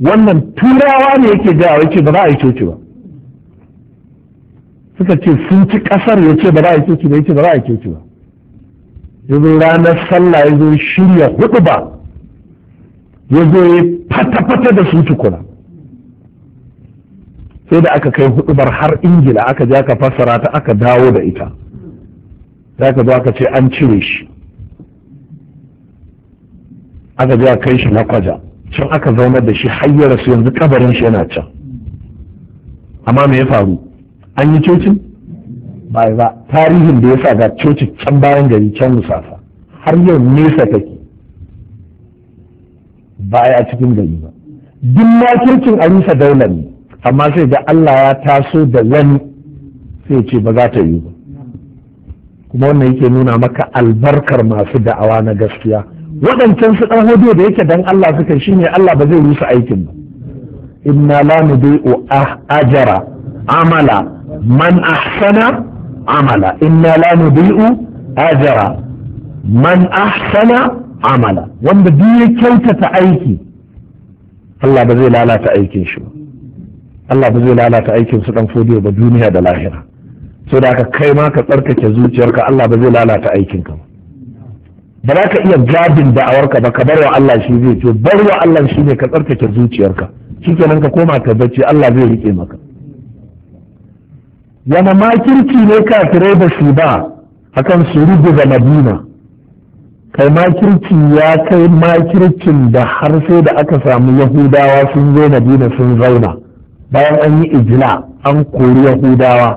wannan turawa ne yake jawo yake ba za a yi coci ba suka ce sun ci kasar ya ce ba za a kyauci ba ya ce ba za a kyauci ba ya zo ranar sallah ya zo shirya hudu ba ya zo ya fata-fata da su tukuna sai da aka kai hudubar har ingila aka je aka fassara ta aka dawo da ita za ka zo aka ce an cire shi aka je aka kai shi na kwaja can aka zaunar da shi har ya rasu yanzu kabarin shi yana can amma me ya faru an yi cocin Ba ba tarihin da ya sa ga coci can bayan gari can musafa har yau nesa take Ba a cikin gari ba duk cocin a rusa daular ne amma sai da Allah ya taso da wani sai ce ba za ta yi ba kuma wannan yake nuna maka albarkar masu da'awa na gaskiya waɗancan su ɗan hudu da yake dan Allah suka shine Allah ba zai yi su aikin ba inna la nudai'u ajara amala man ahsana amala inna la nudi'u ajra man ahsana amala wanda duk ya kyautata aiki Allah ba zai lalata aikin shi Allah ba zai lalata aikin su dan fodiyo ba duniya da lahira so da ka kai ma ka tsarkake zuciyarka Allah ba zai lalata aikin ka ba za ka iya gadin da'awarka ba ka bar wa Allah shi zai to bar wa Allah shi ne ka tsarkake zuciyarka shikenan ka koma ka bacci Allah zai rike maka wani makirci ne kafirai ba su ba akan su ga madina kai makirci ya kai makircin da har sai da aka samu yahudawa sun zo madina sun zauna bayan an yi ijila an kori yahudawa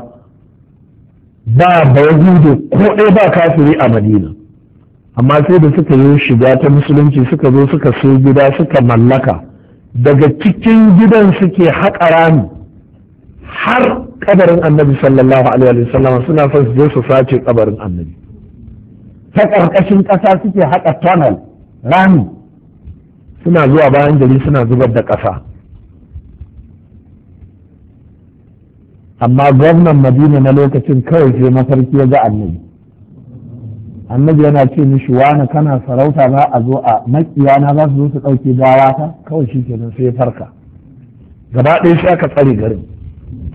ba ba yahudu ko ɗaya ba kafiri a madina amma sai da suka yi shiga ta musulunci suka zo suka so gida suka mallaka daga cikin gidan suke haƙa rami har kabarin annabi sallallahu alaihi sallam suna son su je su sace kabarin annabi ta karkashin ƙasa suke haƙa tunnel rami suna zuwa bayan gari suna zubar da ƙasa amma gwamnan madina na lokacin kawai sai mafarki ya ga annabi annabi yana ce mishi wani kana sarauta za a zo a makiyana za su zo su ɗauke gawa ta kawai shi kenan sai farka gaba ɗaya shi aka tsare garin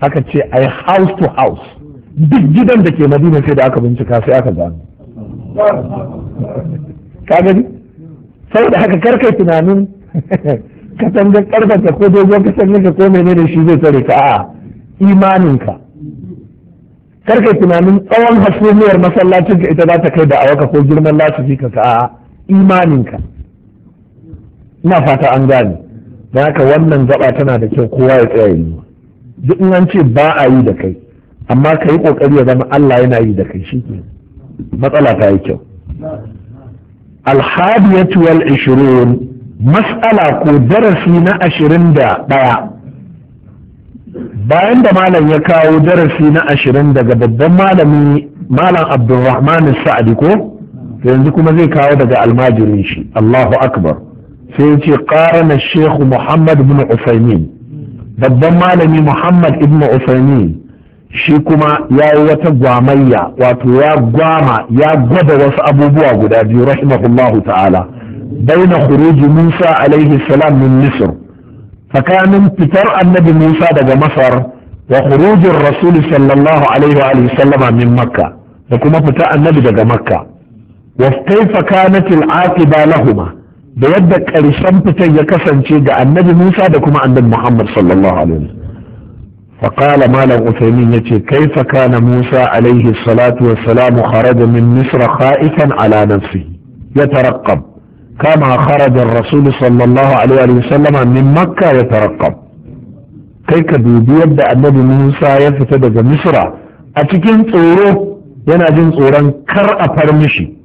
aka ce ai house to house duk gidan da ke madina sai da aka bincika sai aka gano ka gani sau da haka karkai tunanin ka katangar ka ko dogon ka ko menene shi zai tsare ka a imaninka karkai tunanin tsawon hasumiyar masallacin ka ita za ta kai da awaka ko girman lasisi ka ka imaninka ina fata an gane da haka wannan gaba tana da kyau kowa ya tsaye duk in an ce ba a yi da kai amma ka yi kokari ya zama Allah yana yi da kai shike matsala ta yi kyau alhadiyatu wal ishrun mas'ala ko darasi na ashirin da ɗaya bayan da malam ya kawo darasi na ashirin daga babban malami malam abdulrahman sa'adi ko yanzu kuma zai kawo daga almajirin shi allahu akbar sai ya ce ƙara na shehu muhammad bin usaimin babban malami muhammad ibn usaimin shi kuma ya yi wata gwamayya wato ya gwama ya gwada wasu abubuwa guda biyu rahimahullahu ta'ala baina khuruji musa alaihi salam min misr tsakanin fitar annabi musa daga masar wa khurujin rasul sallallahu alaihi wa sallama min makka da kuma fita annabi daga makka wa kaifa kanat aqiba lahuma da yadda ƙarshen fitan ya kasance ga annabi Musa da kuma annabi Muhammad sallallahu alaihi ya فقال مالك عثيمين يتي كيف كان موسى عليه الصلاة والسلام خرج من مصر خائفا على نفسه يترقب كما خرج الرسول صلى الله عليه وسلم من مكة يترقب kai ka dubi yadda annabi Musa ya fita daga Misra a cikin tsoro yana jin tsoron kar a far mishi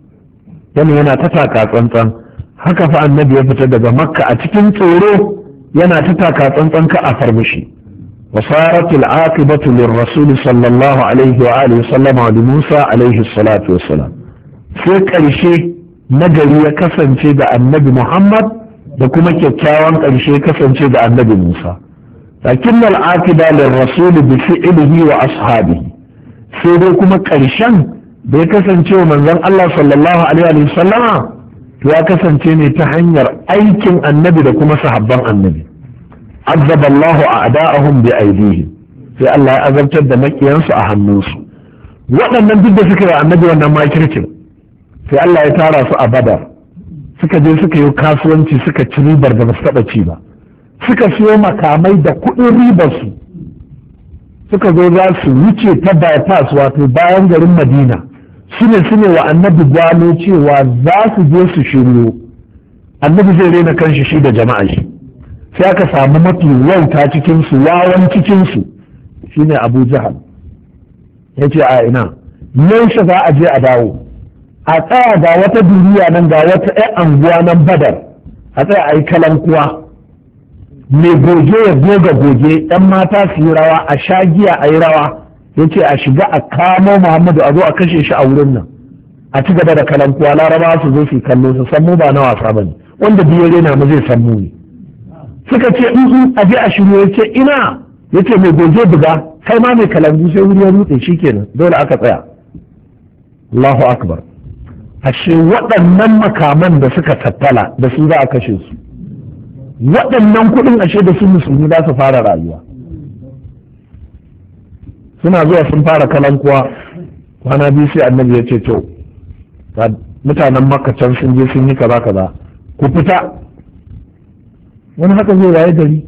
yana ta taka tsantsan haka fa annabi ya fita daga makka a cikin tsoro yana ta taka tsantsan ka a farmashi وصارت العاقبة sallallahu alaihi wa عليه وآله وسلم Musa alaihi الصلاة والسلام sai ƙarshe nagari ya kasance da annabi Muhammad da kuma kyakkyawan ƙarshe ya kasance da annabi Musa. Lakin al'aqida lil rasuli bi fi'lihi wa ashabihi sai dai kuma ƙarshen da ya kasance manzon Allah sallallahu alaihi wa sallama ya kasance ne ta hanyar aikin annabi da kuma sahabban annabi Azzaballahu a ada'ahum bi aidihim sai Allah ya azabtar da makiyansu a hannunsu waɗannan duk da suka yi annabi wannan makircin sai Allah ya tara su a badar suka je suka yi kasuwanci suka ci ribar da ba su taɓa ci ba suka siyo makamai da kuɗin su suka zo za su wuce ta bypass wato bayan garin madina shine sune wa annabi gano cewa za su je su shiryo annabi zai raina kanshi shi da jama'a shi sai aka samu mafi wauta cikin su wawan cikin su shine Abu Jahal ce a ina yaushe za a je a dawo a tsaya ga wata duniya nan ga wata 'yan anguwa nan badar a tsaya a yi kalankuwa mai goge ya goga goge 'yan mata su yi rawa a sha giya a yi rawa ya ce a shiga a kamo muhammadu a zo a kashe shi a wurin nan a ci gaba da kalankuwa laraba su zo su kallo su san mu ba na wasa bane wanda biyo rena mu zai san mu ne suka ce in a je a shiru ya ce ina ya ce mai goje buga kai ma mai kalangu sai wuri ya rutse shi kenan dole aka tsaya Allahu akbar ashe waɗannan makaman da suka tattala da su za a kashe su waɗannan kuɗin ashe da su musulmi za su fara rayuwa suna zuwa sun fara kalankuwa kwana biyu sai annabi ya ce to mutanen makka can sun je sun yi kaza kaza ku fita wani haka zai waye gari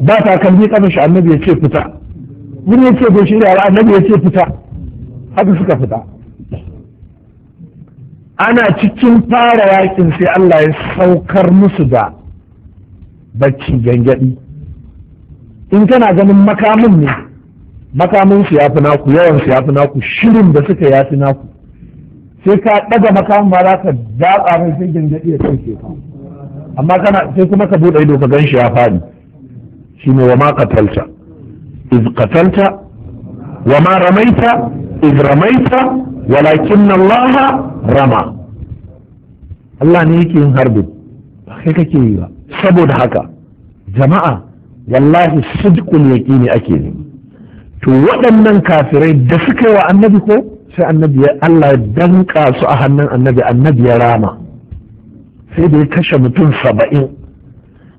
ba takalmi kafin shi annabi ya ce fita wani ya ce goshi da annabi ya ce fita haka suka fita ana cikin fara yakin sai Allah ya saukar musu da bacci gangadi in kana ganin makamin ne makamin su ya fi naku yawan su ya fi naku shirin da suka ya fi naku sai ka ɗaga makamin ba za ka datsa mai sai gangaɗi ya kai ka amma kana sai kuma ka buɗe ido ka gan shi ya faɗi ne wa ma katalta iz katalta wa ma ramaita iz ramaita walakin Allah rama Allah ne yake yin harbi ba kai kake yi ba saboda haka jama'a wallahi sidqul yaqini ake ne to waɗannan kafirai da suka yi wa annabi ko sai annabi ya Allah ya danka su a hannun annabi annabi ya rama sai da ya kashe mutum saba'in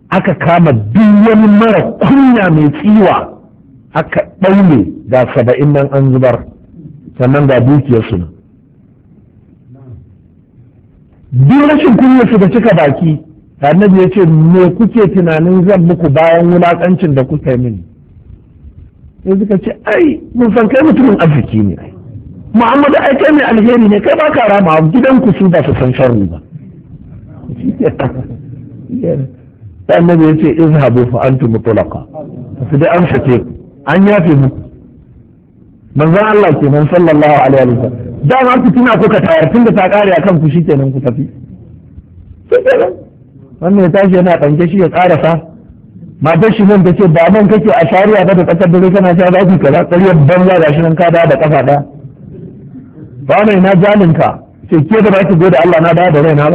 aka kama duk wani mara kunya mai tsiwa aka ɗaule ga saba'in nan an zubar sannan ga dukiyarsu nan duk rashin su da cika baki annabi ya ce me kuke tunanin zan muku bayan wulaƙancin da kuka yi mini sai suka ce ai mun san kai mutumin arziki ne muhammadu ai kai mai alheri ne kai ba ka rama gidan ku su ba su san sharri ba ta annabi ya ce yace izhabu fa antum mutlaqa su dai an shake an yafe muku manzon Allah nan sallallahu alaihi wa wasallam da ma ku tuna ka tayar tunda ta kare kan ku kenan ku tafi wannan ya tashi yana ɗanke shi ya ƙarasa matar shi nan ce ba nan kake a shari'a ba da tsakar da kana sha zaki kaza ƙaryar banza shi nan ka da kafa da ba mai na jalinka ce ke da ba ki gode Allah na da da raina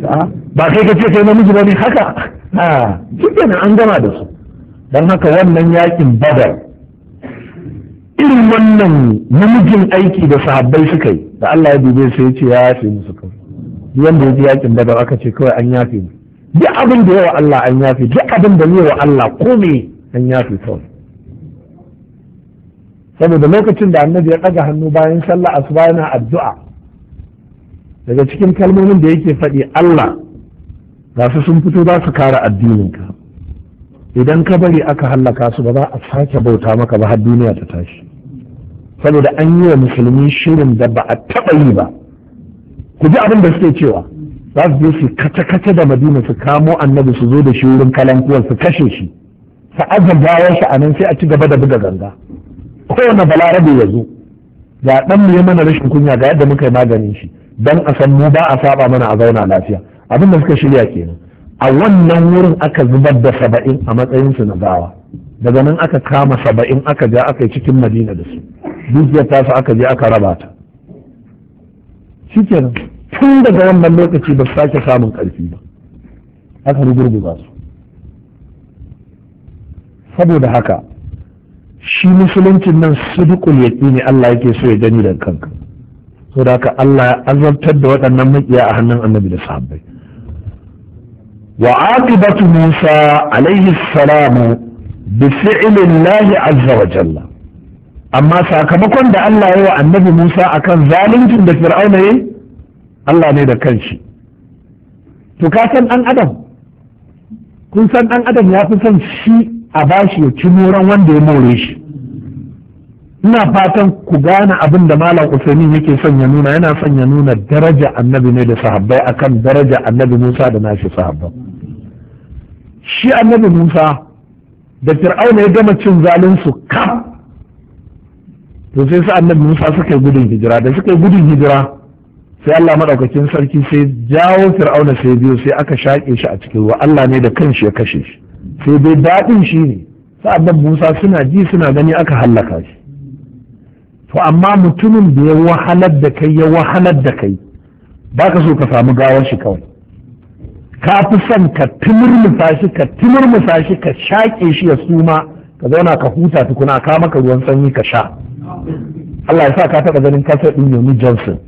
ba ba kai ka ce kai namiji ba ne haka ha an gama da su don haka wannan yakin badar irin wannan namijin aiki da sahabbai suka yi da Allah ya dube sai ya ce ya yafe musu kawai yanda ya ji yakin badar aka ce kawai an yafe mu duk abin da yawa Allah an yafi duk abin da yawa Allah kome an yafi kawai saboda lokacin da annabi ya ɗaga hannu bayan sallah asuba yana addu'a daga cikin kalmomin da yake faɗi Allah ga su sun fito za su kare addininka idan ka bari aka hallaka su ba za a sake bauta maka ba har duniya ta tashi saboda an yi wa musulmi shirin da ba a taɓa yi ba ku ji abin da suke cewa za su je su kace-kace da madina su kamo annabi su zo da shi wurin kalankuwar su kashe shi su aza bayan shi a nan sai a ci gaba da buga ganga kowane balarabe ya zo ga dan mu mana rashin kunya ga yadda muka yi maganin shi dan a san mu ba a saba mana a zauna lafiya abin da suka shirya kenan a wannan wurin aka zubar da saba'in a matsayin su na gawa daga nan aka kama saba'in aka ja aka yi cikin madina da su dukiyar tasu aka je aka raba ta shikenan tun daga wannan lokaci ba su sake samun ƙarfi ba aka ba su saboda haka shi musuluncin nan sudukul yaƙi ne Allah yake so ya gani da kanka saboda haka Allah ya azabtar da waɗannan maƙiya a hannun annabi da sahabbai wa aqibatu Musa alaihi salam bi fi'lillahi azza wa jalla amma sakamakon da Allah ya wa annabi Musa akan zaluncin da Fir'auna yayi Allah ne da kanshi to ka san ɗan adam kun san ɗan adam ya fi son shi a bashi ya ci moran wanda ya more shi ina fatan ku gane abin da malam usaini yake son ya nuna yana son ya nuna daraja annabi ne da sahabbai akan daraja annabi musa da nashi sahabban shi annabi musa da fir'auna ya gama cin zalinsu kam to sai su annabi musa suka yi gudun hijira da suka yi gudun hijira sai Allah madaukakin sarki sai jawo fir'auna sai biyu sai aka shaƙe shi a cikin ruwa Allah ne da kanshi ya kashe shi sai dai daɗin shi ne sa'an Musa suna ji suna gani aka hallaka shi to amma mutumin da ya wahalar da kai ya wahalar da kai ba ka so ka samu gawar shi kawai ka fi son ka timurmusa shi ka timurmusa shi ka shaƙe shi ya suma ka zauna ka huta tukuna ka maka ruwan sanyi ka sha Allah ya sa ka taɓa ganin kasar ɗin Yomi Johnson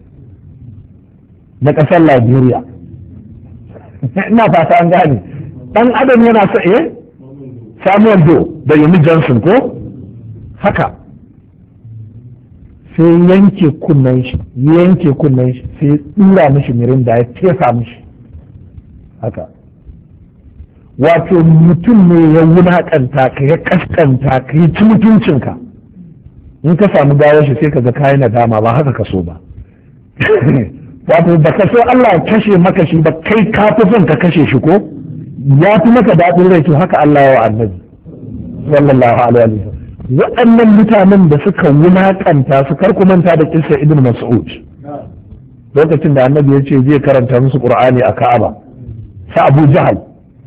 na ƙasar najeriya ina fata an gane Ɗan adam yana sa eh Samuel Do da Yemi Johnson ko haka sai yanke kunnen shi yanke kunnen shi sai tsura mishi mirinda ya fesa mishi haka wato mutum ne ya wulakanta ka ya kaskanta ka yi ci mutuncinka in ka samu gawar shi sai ka ga kayan dama ba haka ka so ba wato ba ka so Allah ya kashe maka shi ba kai ka fi son ka kashe shi ko ya fi maka daɗin rai to haka Allah ya annabi sallallahu alaihi wa waɗannan mutanen da suka wulaƙanta su kar ku manta da kissa ibn mas'ud lokacin da annabi ya ce zai karanta musu qur'ani a ka'aba sa abu jahal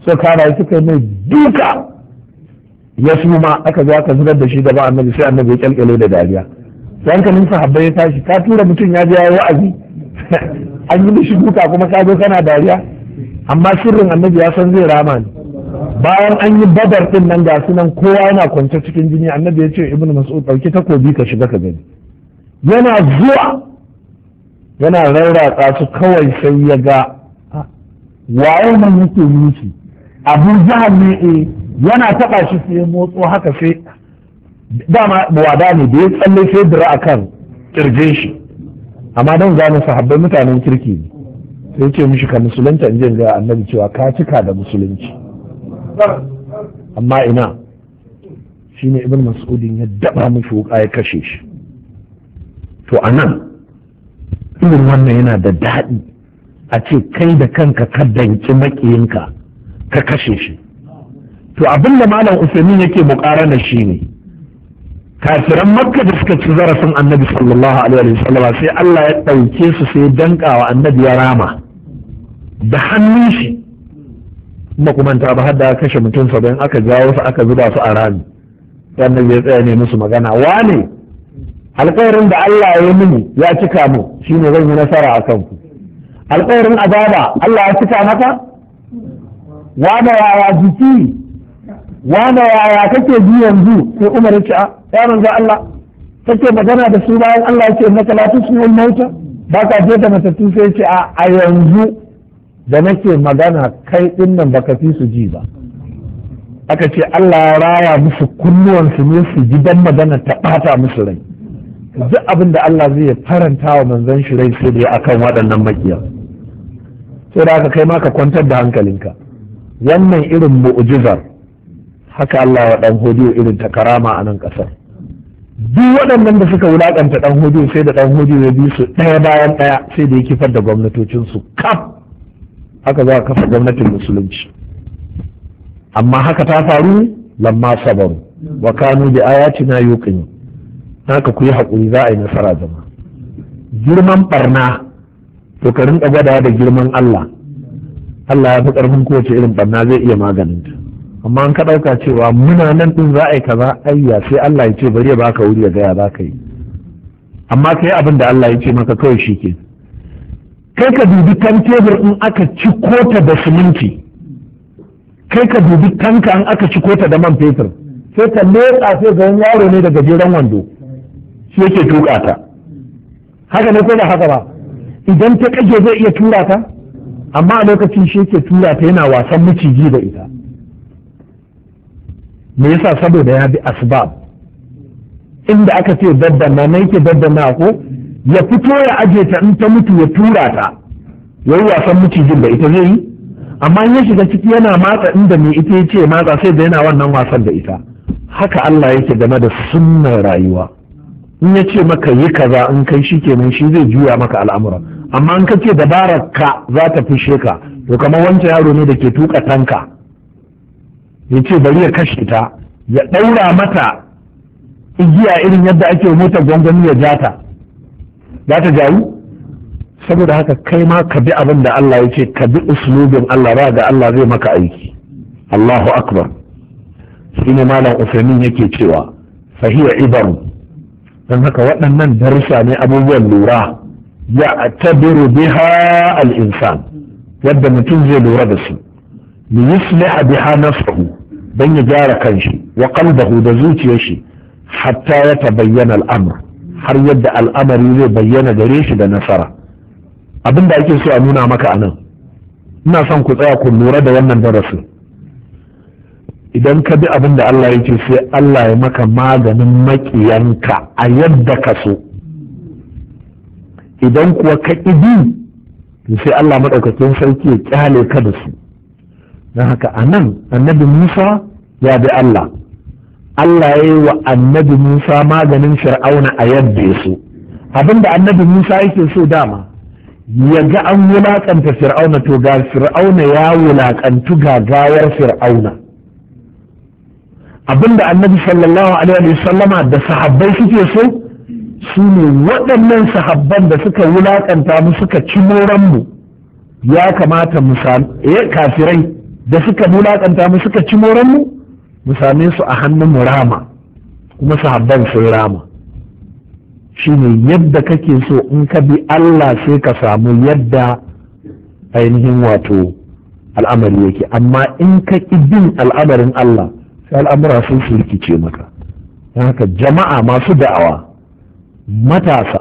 so kana suka mai duka ya suma aka zo aka zubar da shi gaba annabi sai annabi ya kyalkyale da dariya sai hankalin sahabbai ya tashi ka tura mutum ya je ya wa'azi an yi mishi duka kuma ka zo kana dariya amma sirrin annabi ya san zai rama ne bayan an yi badar din nan ga nan kowa yana kwance cikin jini annabi ya ce ibnu mas'ud dauki takobi ka shiga ka gani yana zuwa yana rarratsa su kawai sai ya ga ah, waye nan yake nishi abu jahal ne eh, yana taba shi sai motso haka sai dama wada ne da ya tsalle sai dira akan kirgin shi amma don gano sahabbai mutanen kirki ne sai ce mishi ka musulunta in je ga annabi cewa ka cika da musulunci amma ina shi ne ibn mas'udin ya daba mishi wuka ya kashe shi to a nan irin wannan yana da daɗi a ce kai da kanka ka danki makiyinka ka kashe shi to abin da malam usaimin yake mukarana shi ne kafiran makka da suka ci zarafin annabi sallallahu alaihi wa sallam sai Allah ya ɗauke su sai danka wa annabi ya rama da hannun shi Kuma ta ba har da kashe mutum bayan aka jawo su aka zuba su a rami annabi ya tsaya ne musu magana wane alƙawarin da Allah ya yi mini ya cika mu shine zan yi nasara a kanku alƙawarin azaba Allah ya cika maka wane yaya jiki wane yaya kake ji yanzu sai Umar ya a? Ah, ya manzo Allah take magana da su bayan Allah yake maka la tusmul mauta ba ka je da matattu sai ce a yanzu da nake magana kai din nan baka fi su ji ba aka ce Allah ya raya musu kunnuwan su ne su ji dan magana ta bata musu rai duk abin da Allah zai faranta wa manzon shi rai sai dai akan waɗannan makiya sai da aka kai maka kwantar da hankalinka wannan irin mu'ujizar haka Allah wa ɗan hodiyo irin ta karama a nan ƙasar duk waɗannan da suka wulaƙanta ɗan hudu sai da ɗan hudu ya bi su ɗaya bayan ɗaya sai da ya kifar da gwamnatocinsu kaf haka za a kafa gwamnatin musulunci amma haka ta faru lamma sabaru wa kanu bi na yuqin haka ku yi haƙuri za a yi nasara zama girman barna to ka rinka gwada da girman Allah Allah ya fi ƙarfin kowace irin barna zai iya maganinta amma an ka ɗauka cewa muna nan ɗin za a yi kaza ayya sai Allah ya ce bari ya baka wuri ya gaya za ka yi amma kai abin da Allah ya ce maka kawai shi ke kai ka dubi kan tebur in aka ci kota da siminti kai ka dubi kanka in aka ci kota da man fetur sai ka leƙa sai ga yaro ne daga gajeren wando shi yake tuka ta haka ne ko ba haka ba idan ta kage zai iya tura ta amma a lokacin shi yake tura ta yana wasan miciji da ita me yasa saboda ya bi asbab inda aka ce daddana na yake daddana ko ya fito ya aje ta in ta mutu ya tura ta ya yi wasan macijin da ita zai yi amma in ya shiga ciki yana matsa inda me ita ya ce matsa sai da yana wannan wasan da ita haka Allah yake game da sunnar rayuwa in ya ce maka yi kaza in kai shi kenan shi zai juya maka al'amura amma in ka ce dabarar ka za ta fishe ka to kamar wancan yaro ne da ke tuka tanka ya ce bari ya kashe ta ya ɗaura mata igiya irin yadda ake mota gwangwani ya ja ta za ta jaru saboda haka kai ma ka bi abin da Allah ya ce ka bi uslubin Allah ba ga Allah zai maka aiki Allahu akbar shi ne malam Usaimin yake cewa fahiya ibaru don haka waɗannan darussa ne abubuwan lura ya tabiru biha al-insan yadda mutum zai lura da su ليصلح بها نفسه بن يجار كنشي وقلبه دزوتيشي حتى يتبين الأمر har yadda al'amari zai bayyana gare shi da nasara abin da ake so a nuna maka a nan ina son ku tsaya ku lura da wannan darasin idan ka bi abin da Allah yake sai Allah ya maka maganin maƙiyanka a yadda ka so idan kuwa ka ƙi sai Allah maɗaukakin sarki ya ƙyale ka da su don haka a nan annabi musa ya bi allah allah ya yi wa annabi musa maganin fir'auna a yadda su abinda annabi musa yake so dama ya ga an wulakanta fir'auna to ga fir'auna ya wulakantu gagawar fir'auna abinda annabi sallallahu alaihi sallama da sahabbai suke so su ne waɗannan sahabban da suka wulakanta mu suka ci mu ya kamata mu eh, kafirai da suka mulakanta mu suka ci moran mu mu same su a hannun mu rama kuma sahabban sun rama shine yadda kake so in ka bi Allah sai ka samu yadda ainihin wato al'amari yake amma in ka ƙi bin al'amarin Allah sai al'amura sun su rikice maka haka jama'a masu da'awa matasa